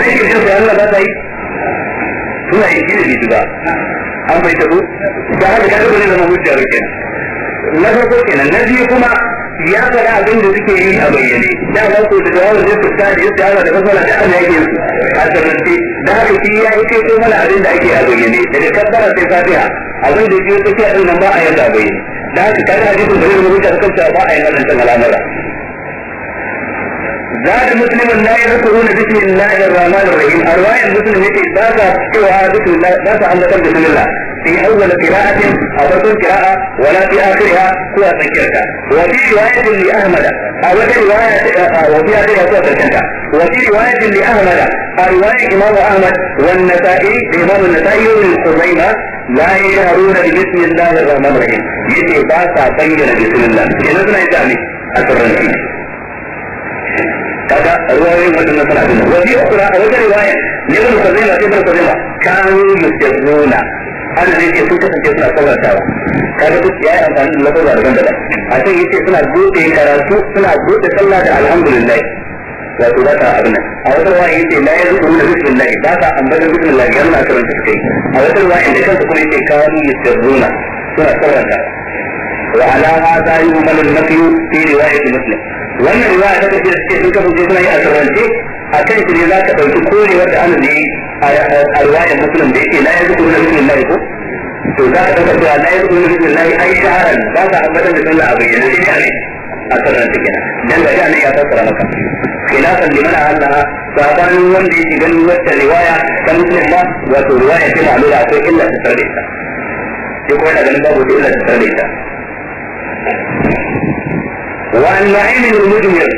jin sai Allah ba ta yi suna an bai tabo da haka ne zama kenan na farko kenan na biyu kuma ya faɗa abin da suke yi a bayyane da ba ko da dawo zai fuska da yadda ana da masala da ana yake a sarrafi da haka shi ya yi kai kuma abin da ake a bayyane daga kabbara sai fatiha abin da ke tsakiya din nan ba a yadda a bayyane da haka kada hadisin da zai rubuta a kanta ba a yi wannan al'amura زاد مسلم لا يذكرون بسم الله الرحمن الرحيم الرواية المسلم التي باسا سوى بسم الله باسا عن ذكر بسم الله في أول قراءة أو أول قراءة ولا في آخرها سوى تذكرتها وفي رواية لأحمد أو آه، رواية آه، آه، وفي آخرها سوى تذكرتها وفي رواية لأحمد رواية إمام أحمد والنسائي إمام النسائي من خزيمة لا يجهرون بسم الله الرحمن الرحيم يتي باسا بين بسم الله إذا سنة إسلامي أسرنتي kaga ruwayoyin waɗannan suna dinna wani ukura a wajen riwaya ne wani kwazaima sai wani kwazaima kanu Zuna. ana ne ke sun kasance suna sauratawa kaga duk ya yi amfani da lafarwa daban daban a can yace suna buɗe karatu suna buɗe sallah da alhamdulillah wato ba ta abin a wata ruwa yace la yazkuru da bismillah ba ta ambata bismillah yana na karanta kai a wata ruwa inda kansu kuma yace kanu Zuna, suna sauratawa وعلى هذا يؤمن النفي في رواية مسلم wannan ruwa ta tafi da suke sun kasance suna yi a sarrance a kan shi ne za ka ɗauki kore wata ana yi a ruwayan musulun da yake layar ya zuku na bikin lahi ko to za ka ɗauka cewa layar ya zuku na bikin lahi ai shaharan ba ka ambatar da sun a bayyana sai ne a sarrance kenan dan ga ne ya fassara maka khilafan mana Allah sabanin wanda yake ganin wata riwaya ta musulun ba wato riwaya ce ma'lula akwai illa ta sarrace ta sai kuma yana ganin babu illa ta sarrace وعن معين المدمر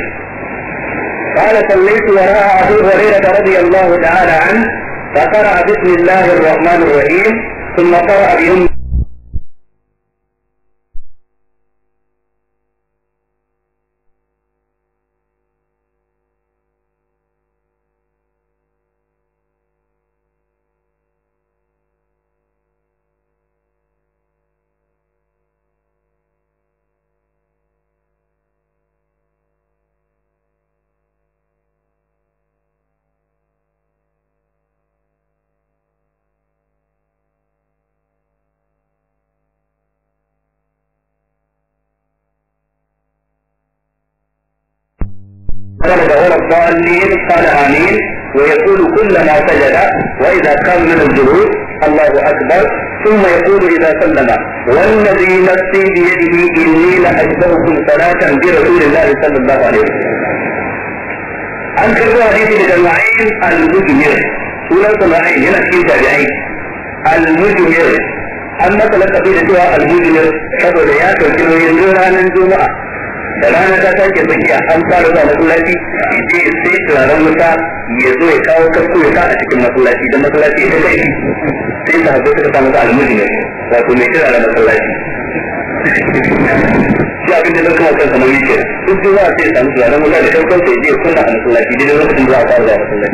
قال صليت وراء ابي هريره رضي الله تعالى عنه فقرأ بسم الله الرحمن الرحيم ثم قرأ بهم سجد هو الضالين قال امين ويقول كل ما سجد واذا كان من الجلوس الله اكبر ثم يقول اذا سلم والذي نفسي بيده اني لاجبركم صلاه برسول الله صلى الله عليه وسلم أن كتبوا حديث لجماعين المجمر سورة الرحيم هنا في تابعين المجمر أما ثلاثة في المجمر كتبوا ليات وكتبوا ينزلوا عن الجمعة da rana ta sake tsakiya an fara zuwa masallaci je sai turaren wuta ya zo ya kawo kasko ya sa a cikin masallaci don masallaci ya kai sai ta hajjo suka samu ta almuni ne wato mai da masallaci shi abin da zaka kansa na wike duk za a ce samu turaren wuta da kankan sai je kunna a masallaci daidai lokacin da za a fara zuwa masallaci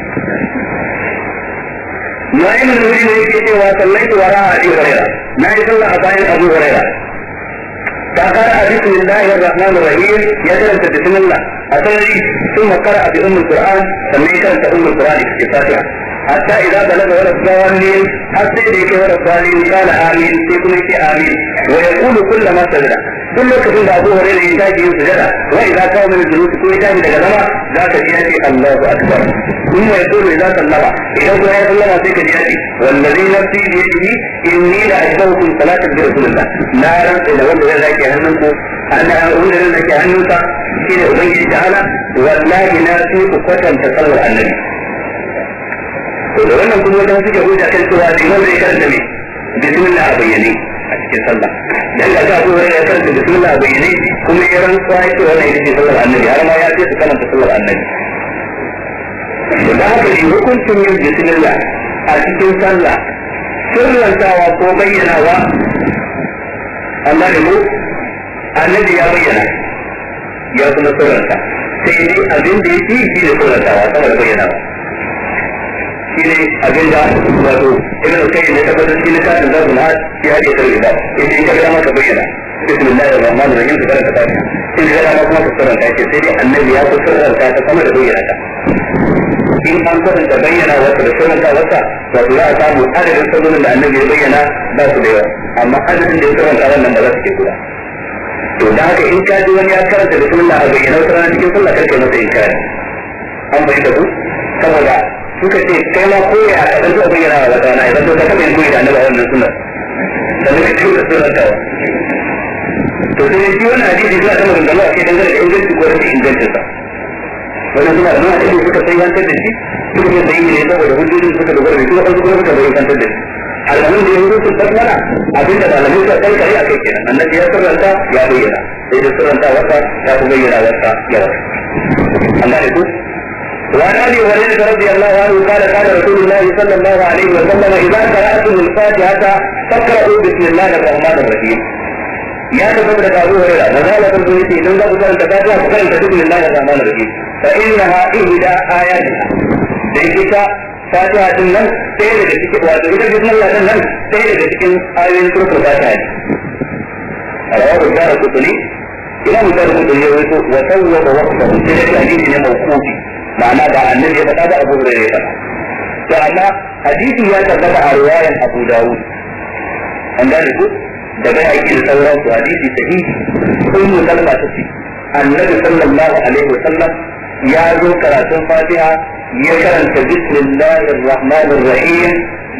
yi al-Hudi ne yake cewa sallaitu wara Abi Hurairah na yi sallah a bayan Abu Hurairah فقرأ بسم الله الرحمن الرحيم انت بسم الله أصلي ثم قرأ بأم القرآن سميتها أم القرآن في الفاتحة حتى إذا بلغ ولد الظوانين حتى إذا إليك ولد الظوانين قال آمين في كل شيء آمين ويقول كل ما سجد كل كفين بأبو هريرة إنتاج يسجد وإذا كان من الجنود كل إنتاج إذا جمع ذاك جاتي الله أكبر ثم يقول إذا صلوا إذا صلى الله عليه ذاك جاتي والذي نفسي بيده إني لأجبركم صلاة برسول الله نارا إلا ولد ذاك جهنمكم أنا أقول لنا جهنمك كده أبيه تعالى والله ناسي أفتن تصور النبي to da wannan kuma wajen suke hujja kan cewa liman zai karanta mai bismillah a bayyane a cikin sallah dan da ka koyar ya karanta bismillah a bayyane kuma ya rantsuwa ya ce wannan ita ce sallar annabi har ma ya ce su karanta sallar annabi da haka shi hukuncin yin bismillah a cikin sallah sirrantawa ko bayyanawa Allah ne mu annabi ya bayyana ya kuma sirranta sai dai abin da ya ci shi ne sirrantawa sama da bayyanawa shi ne abin da wato ibn al-qayyim ne tabbatar shi littafin da zuwa shi hadiya ta riba idan ka ga maka bayyana bismillahir rahmanir rahim ka karanta ta in ga ma kuma karanta ce sai dai annabi ya fi karanta ta sama da bayyana ta in an karanta bayyana wata da karanta wata wato za a samu adadin sallolin da annabi ya bayyana ba su da yawa amma adadin da ya karanta wannan ba za su ke kula to da haka in ka ji wani ya karanta bismillah a bayyana wata rana cikin sallah karka masa inkari an bayyana ku saboda suka ce kai ma ko ya ka zanta bayyana wa wata na idan ka taɓa yin koyi da annabi a wannan da sannan ka tura sunan tawa to sai shi wannan hadisi suna ta maganganu a ke dangane da inganci ko rashin ingancin sa wannan suna da nuna ɗaya suka sai hantar da shi suka yi sayi ne saboda hujjojin suka dogara da shi waɗansu kuma suka bayyana hantar da shi alamun da ya yi rufin tasmana abin da malamai suka kai kare a kai kenan annabi ya sirranta ya bayyana sai da sirranta wasa ta kuma bayyana wasa ya wasa Allah ya وعن ابي هريره رضي الله عنه قال قال رسول الله صلى الله عليه وسلم اذا قراتم الفاتحه فاقرأوا بسم الله الرحمن الرحيم. يا تفضل ابو هريره وقال رسول الله اذا قرأت الفاتحه فقرأت بسم الله الرحمن الرحيم فانها اهدى اياتها. ذلك فاتحه لم تهدى بسم الله لم تهدى بسم ايات سوره الفاتحه. رواه الدار القطني الى مدار القطني وسوى وقته في الحديث الموقوف ma'ana ga annabi ya faɗa da abu da ya faɗa to amma hadisi ya tabbata a riwayan abu dawud an gane ku da bai aiki da sauran su hadisi sahihi yi salma ta ce annabi sallallahu alaihi wa sallam ya zo karatun fatiha ya karanta bismillahir rahmanir rahim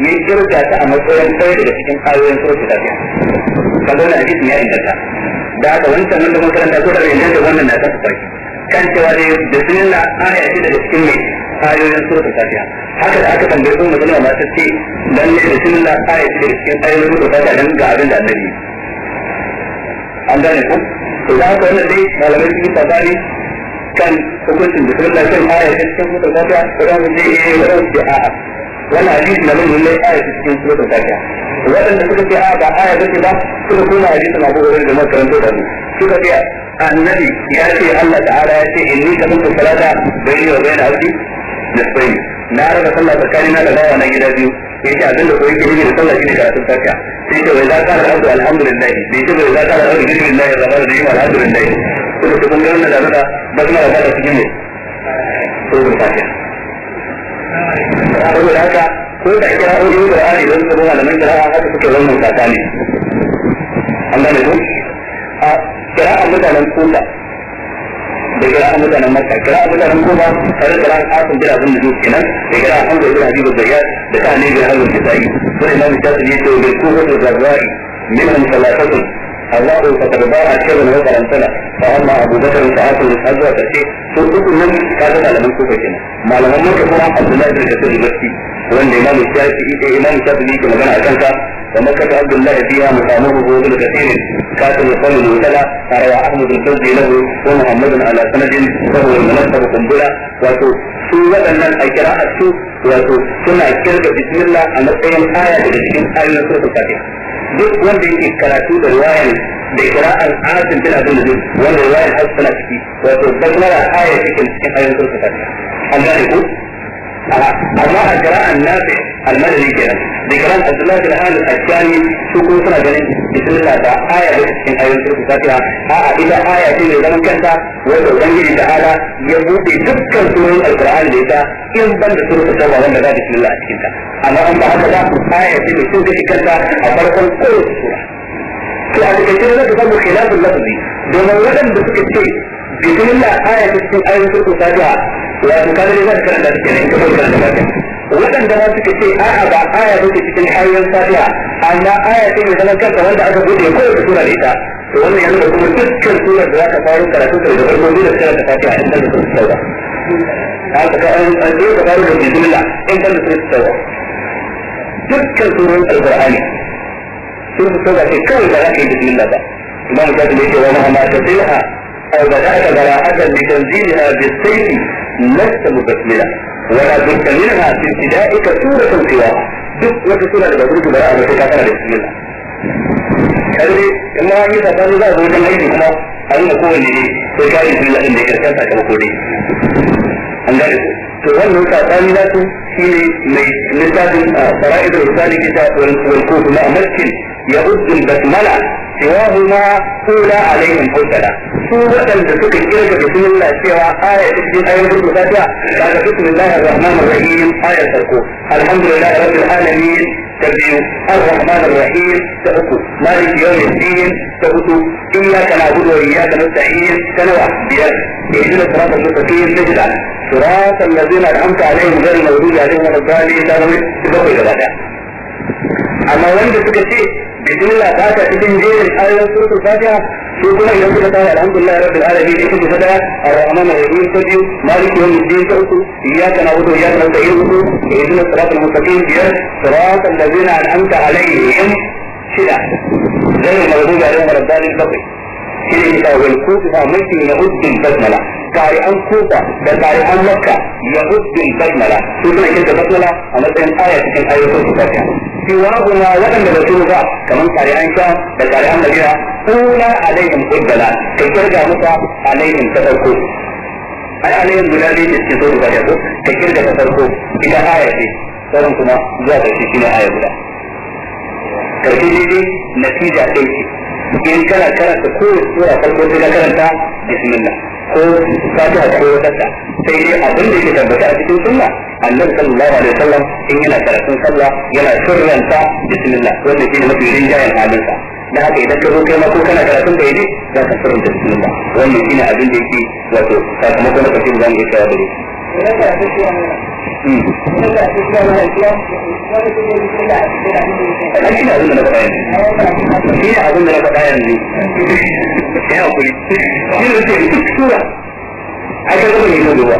ya kirga ta a matsayin sai daga cikin ayoyin suratul fatiha kaga wannan hadisi ya inganta da haka wancan nan da mun karanta ko da yanzu wannan na ta farki kan cewa dai bismillah aya ce daga cikin mai ayoyin suratul safiya haka da aka tambaye sun magana masu ce dan ne bismillah aya ce daga cikin ayoyin suratul safiya dan ga abin da annabi an gane ku to da haka wannan dai malamai sun yi tsakani kan hukuncin bismillah kan aya ce cikin suratul fatiha wadanda ya yi wadanda ce a'a wani hadisi na nuna ne aya ce cikin suratul safiya wadanda suka ce a ba aya bace ba suka kuma hadisi na gudanar da makarantar da su suka ce annabi ya ce Allah ta'ala ya ce inni ka mutu salata bayni wa hauki da nisfain na raba sallah tsakanin na da bawa na gida biyu sai ce abinda ko yake nufi da sallah shine karatun fatiha sai ce wai za ka da abu alhamdulillah bai ce wai za ka da abu da rahman rahim alhamdulillah ta kun ga wannan da ba kuma da ta cikin ne ko fatiha saboda haka ko da kira ko da Qur'ani don saboda malaman da haka suke wannan tsakani Allah ne kira'ar mutanen kufa da kira'ar mutanen makka kira'ar mutanen kufa tare da kira'ar asin jira abin da zuwa kenan da kira'ar hamza jira habibu zayyar da ta ne jira habibu kisa'i sun imam shafi ne to bai kufa da zarra'i minhum salatatun الله فقد باع كذا وكذا سنة فأما أبو بكر فآكل الحجر فشيء سوء من كذا على من كوفة كنا ما لهم ملك هو عبد الله بن كثير المسكي وأن الإمام الشافعي إمام الشافعي كما كان أكلتا ومكة عبد الله فيها مقامه بن كثير قاتل يصلي وكذا فروى احمد الفوزي له ومحمد على سند فهو المنصب قنبله wato su waɗannan a kira su wato suna kirga الله a matsayin aya daga cikin ayoyin suratul duk wanda yake karatu da riwayar da kira'ar asin bin abin da wanda riwayar har suna ciki wato basmala aya cikin cikin an gane ku amma a kira'an nafi almadani kenan da kiran abdullahi bin hamid al-ashkani su kuma suna ganin bismillah ta aya da cikin ayoyin surku fatiha a'a ita aya ce mai zaman kanta wanda ubangiji ta'ala ya buɗe dukkan surorin alqur'ani da ita in ban da surku tauba wanda za bismillah a cikin ta amma an ba haka ba aya ce mai cin kanta a farkon kowace sura to a cikin zaka samu khilafin lafazi domin waɗanda suka ce بسم الله آية السن آية سوء سادعة لكن كان لذا كان لذا كان لذا كان لذا ولكن ده ما فيك شيء أعبع آية بوتي في الحياة السادعة أن آية سنة ذا كان فهو ده أجل بوتي يقول بسورة ليتا فهو أن يعني بكم تذكر سورة ذا كفارو كراتو سورة ذا كفارو كراتو سورة ذا كفارو كراتو سورة ذا كفارو كراتو سورة ذا تذكر سورة القرآن سورة السورة كي كل ذا كي بسم الله ما أو بدأت براءة بتنزيلها بالسيف لست مستكملة ولا تكملها في ابتدائك سورة سواها duk wata suna da bazu bara a sai ka kana da bismillah kalle in ma yi sabani za a zo wajen aiki kuma a nuna kowanne ne sai ka yi bismillah din da ya karkata sakamako dai an gane to wannan sabani na su shine mai littafin fara'idul salik ta wal kufu na maskin ya uddul basmala سواهما قولا عليهم قتلا سوره بسكر كلمه بسم الله سوى آية في آية الفاتحة بعد بسم الله الرحمن الرحيم آية الكوف الحمد لله رب العالمين تبين الرحمن الرحيم تأكو مالك يوم الدين تأكل إياك نعبد وإياك نستعين تنوع بيد اهدنا الصراط المستقيم تجد صراط الذين أنعمت عليهم غير المغضوب عليهم ولا الضالين تعلم إلى بقية أما وين بسكتي jumla ta ta cikin jerin ayoyin suratul fatiha su kuma idan suka tsaya alhamdulillah rabbil alamin ita ce sada ar-rahman ar-rahim ta biyu maliki yawm din ta uku iyyaka na'budu wa iyyaka nasta'in uku ihdina siratal mustaqim biyar siratal ladzina an'amta alaihim shida zai magdubi alaihim wal dhalin bakwai shi ne kita wal kufa mulki na uddin basmala kare an kufa da kare an makka ya uddin basmala su suna kinta basmala a matsayin aya cikin ayoyin suratul fatiha kuma waɗanda ba su ba kamar kariyan sha da kariyan madina kula alaihim kuddala ka kirga muka laifin ta farko ai alaihim guda biyu da cikin zuwa da ka kirga ta farko ita aya ce sauran kuma zuwa ga shi ne aya guda karfi daidai natija ɗaya ce in kana karanta kowace sura farko sai ka karanta bismillah ko fatiha ko wata sai dai abin da ke tabbata a cikin sunna annabi sallallahu alaihi wasallam in yana karatun sallah yana sirranta bismillah wanda shi ne mafi rinjayen halinsa da haka idan ka zo kai ma ko kana karatun ka yi za ka sirranta bismillah wannan shi ne abin da yake wato sakamakon da kake da zamu iya kawo da shi Ina abin da na faɗa yanzu. Ina abin da na faɗa yanzu. Ya hakuri. Ina ce duk sura. Ai ka zama yin ruwa.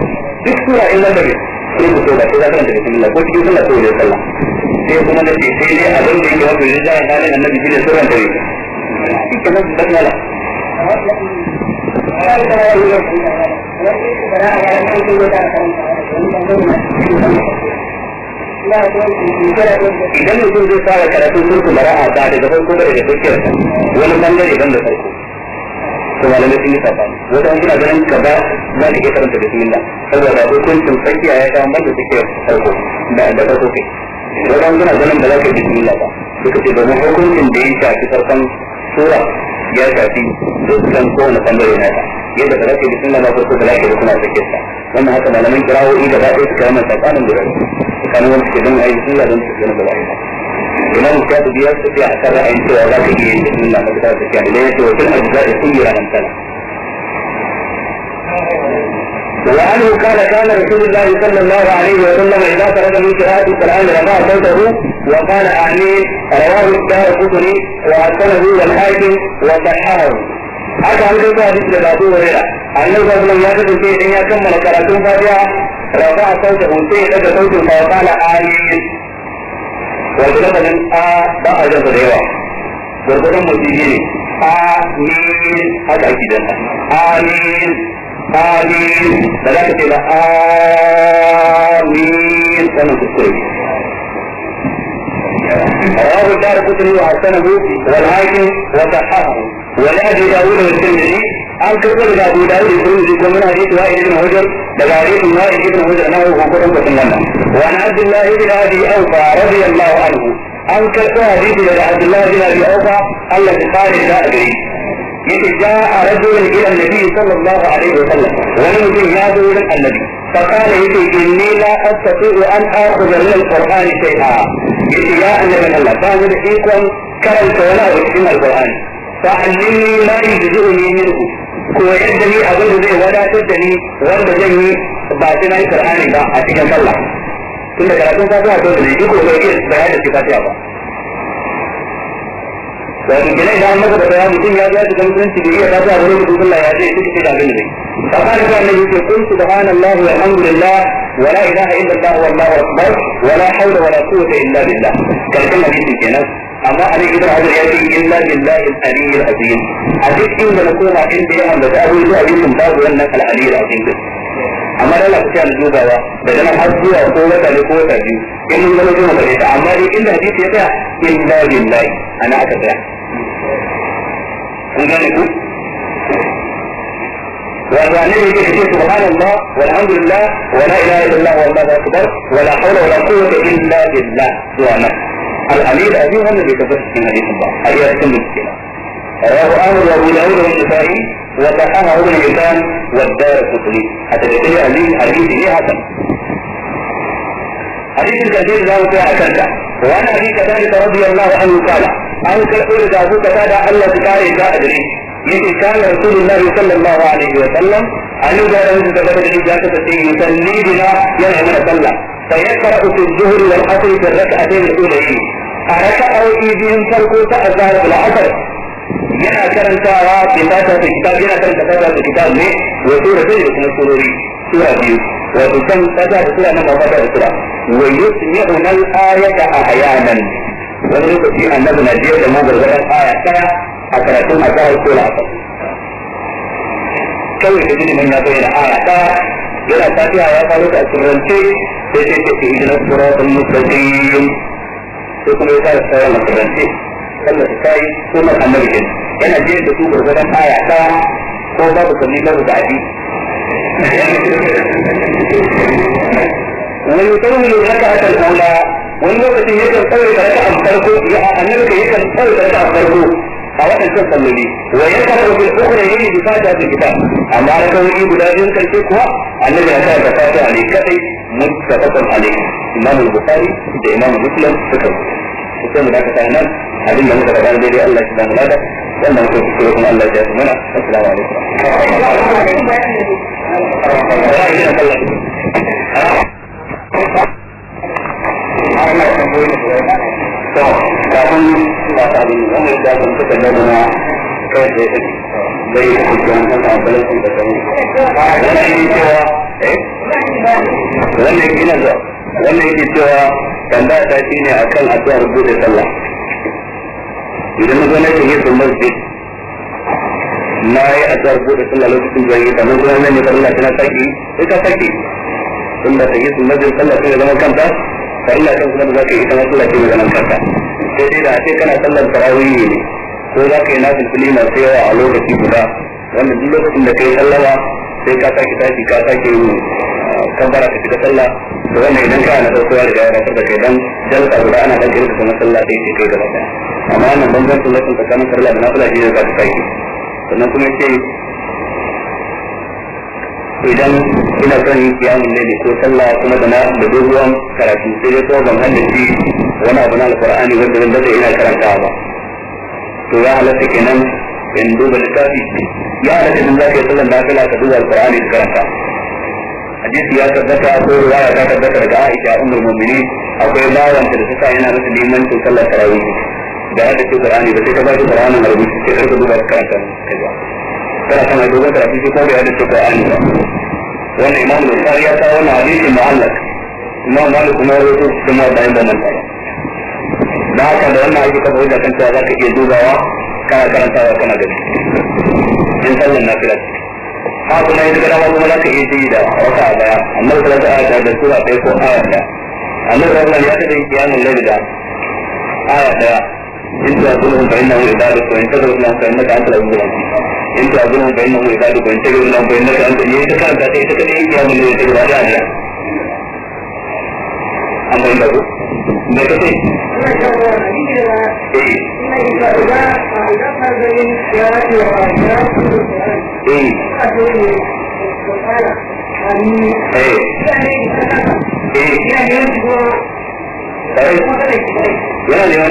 Duk sura in zama ne. Sai ku soda sai za da ranta da ko cikin sallah ko da sallah. Sai kuma na ce sai dai abin da yake wato yin jayan halin annabi shi ne suran dare. Shi ke nan da idan mutum zai fara karatun sulhu mara'a ba daga farko ba daga tsakiyar wani bangare ban da farko to malamai sun yi sabani wata an gina ganin kaza za ka iya karanta bismillah saboda hukuncin tsakiya ya kawo ban da tsakiyar farko da da farko kai wata an gina ganin da za ka yi bismillah ba suka ce domin hukuncin da ya shafi farkon sura ya shafi dukkan kowane bangare na ta yadda ba za ka yi ba farko da lafiya da kuma a tsakiyar sa wannan haka malaman kirawo'i da za su yi suka wannan tsakanin guda tsakanin wani suke don a yi bismillah don su gina gaba ɗaya imamu shafi biya su tafiya a kan ra'ayin cewa za ka iya yin bismillah na kusa da tsakiya ne ya ce da sun yi kullu rahamtala وعنه قال كان رسول الله صلى الله عليه وسلم اذا فرغ من قراءه القران رفع صوته وقال امين رواه الدار قطني وحسنه والحاكم وصححه haka an kai hadisi da babu wurera annabi sallallahu alaihi wasallam ya kasance idan ya kammala karatun fatiha rafa a sauta sai ya daga sautin sa kala amin wato lafazin a ba a jasa da yawa gurgurdan mutum ne amin haka gidan amin آمين ثلاثة إلى آمين سنة تسكري رواه الدار قطني وحسنه والهاكم وصححه ولأبي داود والترمذي أن تقول أبو داود الترمذي ومن حديث إيه؟ وائل بن هجر لبعيد إيه؟ وائل بن هجر له وقدم وسلم وعن عبد الله بن أبي أوفى رضي الله عنه أن كتب حديث عبد الله بن أبي أوفى الذي قال لا أدري من جاء رجل الى النبي صلى الله عليه وسلم ولم يجنه الى النبي فقال يقول اني لا استطيع ان اخذ من القران شيئا يقول يا النبي من الله فانا بحيكم كرم سولا من القران فعلمني ما يجزئني منه هو يدني اقول له ولا تدني ولا تدني باطنا القران لا اتيك الله ثم قال لكم كيف تقول لي يقول لي بهذا wato gina idan an masa da bayan mutum ya zo ya shiga musulunci bai iya fata wani mutum Allah ya ce duk sai da abin da zai amma da kan nan yake kun subhanallahi walhamdulillah wala ilaha illallah wallahu akbar wala hawla wala quwwata illa billah karshen hadisi kenan amma a nan idan hajar ya ce illa billahi al-aliyyil azim a duk inda na koma inda ya ambata abin da abin babu wannan al-aliyyil azim amma da Allah kuke aljubawa da dana har zuwa ko wata ne ko wata biyu in mun gano jima da ita amma dai inda hadisi ya tsaya illa billahi ana aka tsaya وما نبي به سبحان الله والحمد لله ولا اله الا الله والله اكبر ولا حول ولا قوه الا بالله يا من الحميد ابي هو الذي تفسر من حديث الله اي يتم الكلام رواه امر وابو داود والنسائي وكفاها ابن الانسان والدار القطري حتى تقول علي حديث ايه حسن حديث الكثير لا يطيع وعن ابي قتاده رضي الله عنه قال an karɓo da zaɓu kasa da Allah su kare ta a gare yake kana rasulullah sallallahu alaihi wa sallam an ga da wanda daga da ya ta sai yusalli bina yana mana sallah fa yakra fi dhuhr wal asr fi rak'atayn al-ulayi a raka'o'i biyun farko ta azhar wal asr yana karantawa bi ta ta yana karanta ne wa sura sai da kuma surori biyu wato kan kaza da kira nan ba kaza da kira wa yusmi'una al-ayata ahyanan wani lokaci annabi na biyar da mu gargadan aya daya a karatun azhar ko la'asar kawai da jini mun ya zo yana aya daya yana fatiha ya faru da asirrance sai sai ta kuma ya yi yana biyar da su gargadan aya daya ko babu sallallahu da hadisi ويطول الركعة الأولى والوقت يكن قوي ركعة فرقه أنك يكن قوي ركعة فرقه a waɗancan salloli wa ya kafa bil ukhra yayi bi fata da kitab amma da wuri guda biyun karshe kuwa annabi ya sa fata ne kadai muttafaqun alayhi imam bukhari da imam muslim suka sai mu daka sai nan abin da muka faɗa daidai Allah ya samu lada sannan ko kuma Allah ya samu mana assalamu alaikum wannan yake eh, cewa tambaya ta a akan addu'ar bude sallah idan na zo na kan masjid na yi addu'ar bude sallah lokacin da yi sannan kuma nan ne da Allah tana saki sai ka saki tunda ta yi sunnar da sallah sai zama kanta ka illa kan kuma za ka yi kamar sallah sai zaman kanta sai dai da sai kana sallar tarawih ne ko za ka yi na fulfili masu yawa a lokaci guda wanda duk lokacin da ka yi sallama sai ka saki tashi ka saki yi kan ah, kabbara ka shiga sallah to wannan idan ka na farko ya riga ya rafa da kai dan jalsa guda ana dan kirka kamar sallah sai kai gaba amma wannan bambancin lokacin tsakanin sallah da na shi ne za ka saki. sannan kuma ce idan ina son yin kiyamun ne ko sallah kuma da na da dogon karatu sai dai kuma ban haddace wani abu na alqur'ani wanda zan dade ina karanta ba to ya halatta kenan in duba littafi ya halatta idan zaka yi sallan da kala ka duba alqur'ani ka karanta hadisi ya tabbata ko riwaya ta tabbata daga Aisha ummul mu'minin akwai bawanta da suka yana masa limancin sallar tarawih da ya dace Qur'ani ba sai ka ba shi Qur'anin rubuce sai ka duba ka karanta kai kana kana dogon karatu sai ko da ya dace Qur'ani ba wannan Imam Bukhari ya kawo wannan hadisi mu'allaq Imam Malik kuma ya rawaito shi kuma bayan da nan da haka da wannan ake kafa hujja kan cewa zaka iya dubawa kana karantawa kana gani in sallan na fila ha kuma yanzu ga dama kuma ka iya ji da wata a baya da sallallahu alaihi wasallam da sura ɗaya ko aya ɗaya annabi sallallahu alaihi wasallam ya taɓa yin kiyamun laila da aya ɗaya إن تعذبهم فإنه عبادك وإن تغفر لهم فإنك أنت العزيز إن تعذبهم فإنه عبادك وإن تغفر لهم فإنك أنت يتكلم ذاتي تكلم يا من يتكلم على الله أما إن تعذب ما تقول Hey. Hey. Hey. Hey.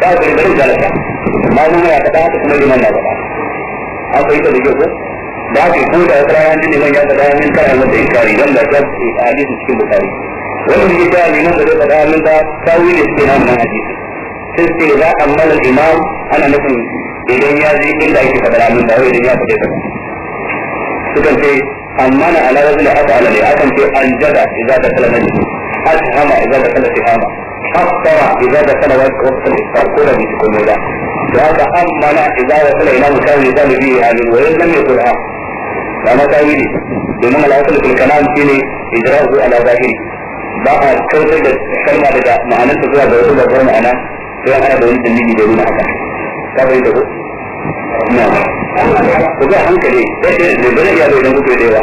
ba ku bari zalaka malum ya faɗa haka kuma liman na faɗa an fahimta da kyau ko da haka ko da wata rana jini man ya faɗa min kara masa inkari dan da ta hadisi cikin bukari wanda yake ta liman da zai faɗa min ba kawi ne cikin wannan hadisi Sun ce za a mana imam ana nufin idan ya je inda ake faɗa min ba wai idan ya faɗa ba sukan ce amma na ala da aka ala ne akan ce an aljada idan da kalamari ashama idan da kalamari حصر إذا دخل وقت الإفطار كل دي تكون لا وهذا أمن إذا وصل إلى مكان يزال به هذه وإن لم يقلها فما تأويلي domin al'asar kulkanan shi ne idra'u ala zahiri ba a kautar da kalma daga ma'anar ta zuwa ga wata babbar ma'ana sai an ana da wani dalili da nuna haka ka bai da na ku ga hankali sai da zai iya zai don da yawa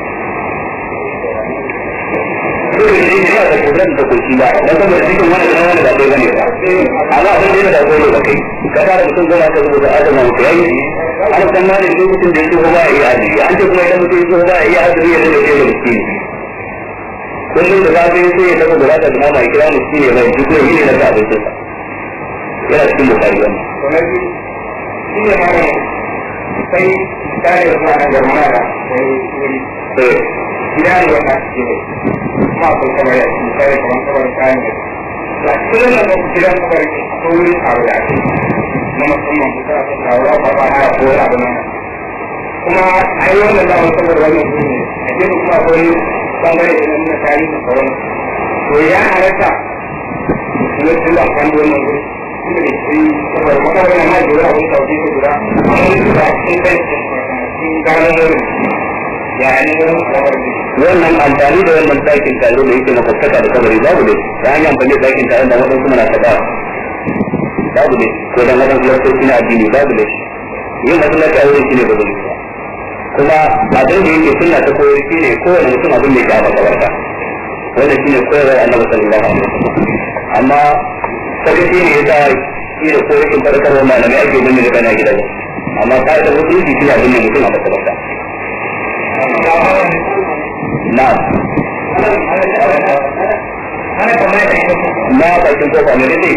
dole ne yana da kudin da koki ba dan kuma cikin wannan nan wannan da bai bane ba amma abin da yana da koyo da kai ka tare mutum zai aka rubuta adama ka yayi an san ma da mutum da yake ba ya yi an ce kuma idan mutum yake ba ya yi azumi ya da ke da shi kullum da zafi sai ya tafi da zaka zama mai kira mutum ne mai duk wani ne na da abin sa yana cikin bukari wannan shi ne ma sai kare da kuma da mana da sai diario activo. Más por saber las mujeres con todos los años. La escuela no será por el estudio hablar. No nos somos mujeres que trabajan para bajar a poder hablar. Kuma a yi wannan zama saboda wannan kuma a gefe kuma akwai bangare da nuna tarihi sauran to ya halatta musulun sun da kwanu wannan wuri kuma da shi saboda makawai na ma jura abin sauki su jura amma wani su ba cikin kai cikin gano wurin wannan amfani da wannan dakin tare da yake na fuskata da kabari babu ne ta hanyar amfani da dakin tare da kuma muna taɓa babu ne ko dan wadansu lafiyoyi na addini babu ne yin masallaci a wurin shi ne babu kuma abin da yake suna ta koyar shi ne kowane mutum abin da ya a makabarta wannan shi ne koyarwar annabi sallallahu alaihi wasallam amma shi ne ya sa shi da koyar kin farkarwa malamai ake binne da kana gidan amma ka'idar musulunci shi ne abin da mutum a makabarta nào ba bảy chúng tôi phải nói cái gì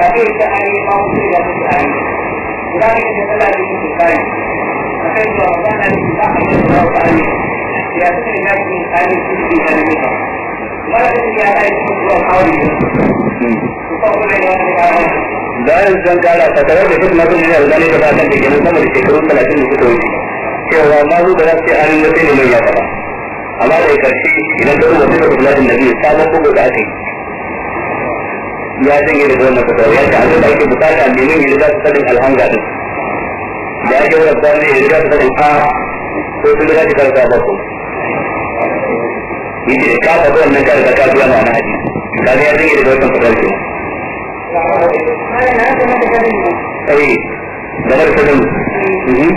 tapi kita ini mau tidak berani. Kita ini kita lagi berani. Maka itu orang yang kita akan berani. Dia itu tidak berani kita. bayan zan kara fatawar da duk masu jiyar zane da bakan da ginin sama da shekaru talatin da suka wuce cewa ma zu da zafi an da sai neman ya faɗa amma da karshe idan ka rubuta da kulatin da biyu sabon bugu da aka ya janye da wannan fatawar ya ce abin da ake bukata neman ya riga su sadin din da ake wani zane ya riga su sadin a ko sun riga su ba yace ka faɗi wannan ka riga ka biya ma na hadisi ka ga ya rage daga wannan fadar ke eh da da sanin mhm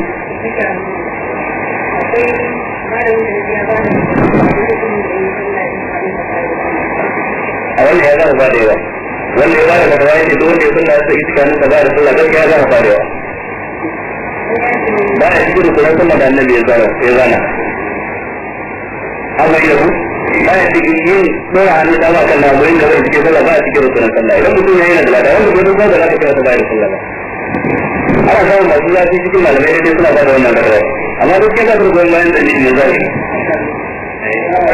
a wannan ya zama fadewa wannan ya zama fadewa yake duk wanda ya sunna sai iskanin ka zara sunna gaskiya ya zama fadewa ba ya cikin rukunan da annabi ya zana ya zana Allah baya cikin yin dora hannu dama kan labarin da zai cikin sallah baya cikin rukunan sallah idan mutum ya yi da wani wanda bai dogara da zaka kira ta baya da sallah ana samun masu cikin malamai dai suna ba da wannan rawa amma duk kai ka turgo bayan da ne zai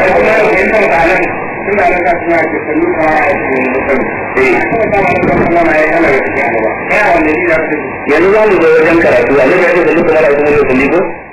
a cikin mutum. Kuma kuma cikin Ya Yanzu za mu zo wajen karatu, a lokacin da mutum ya rasu mun da kulli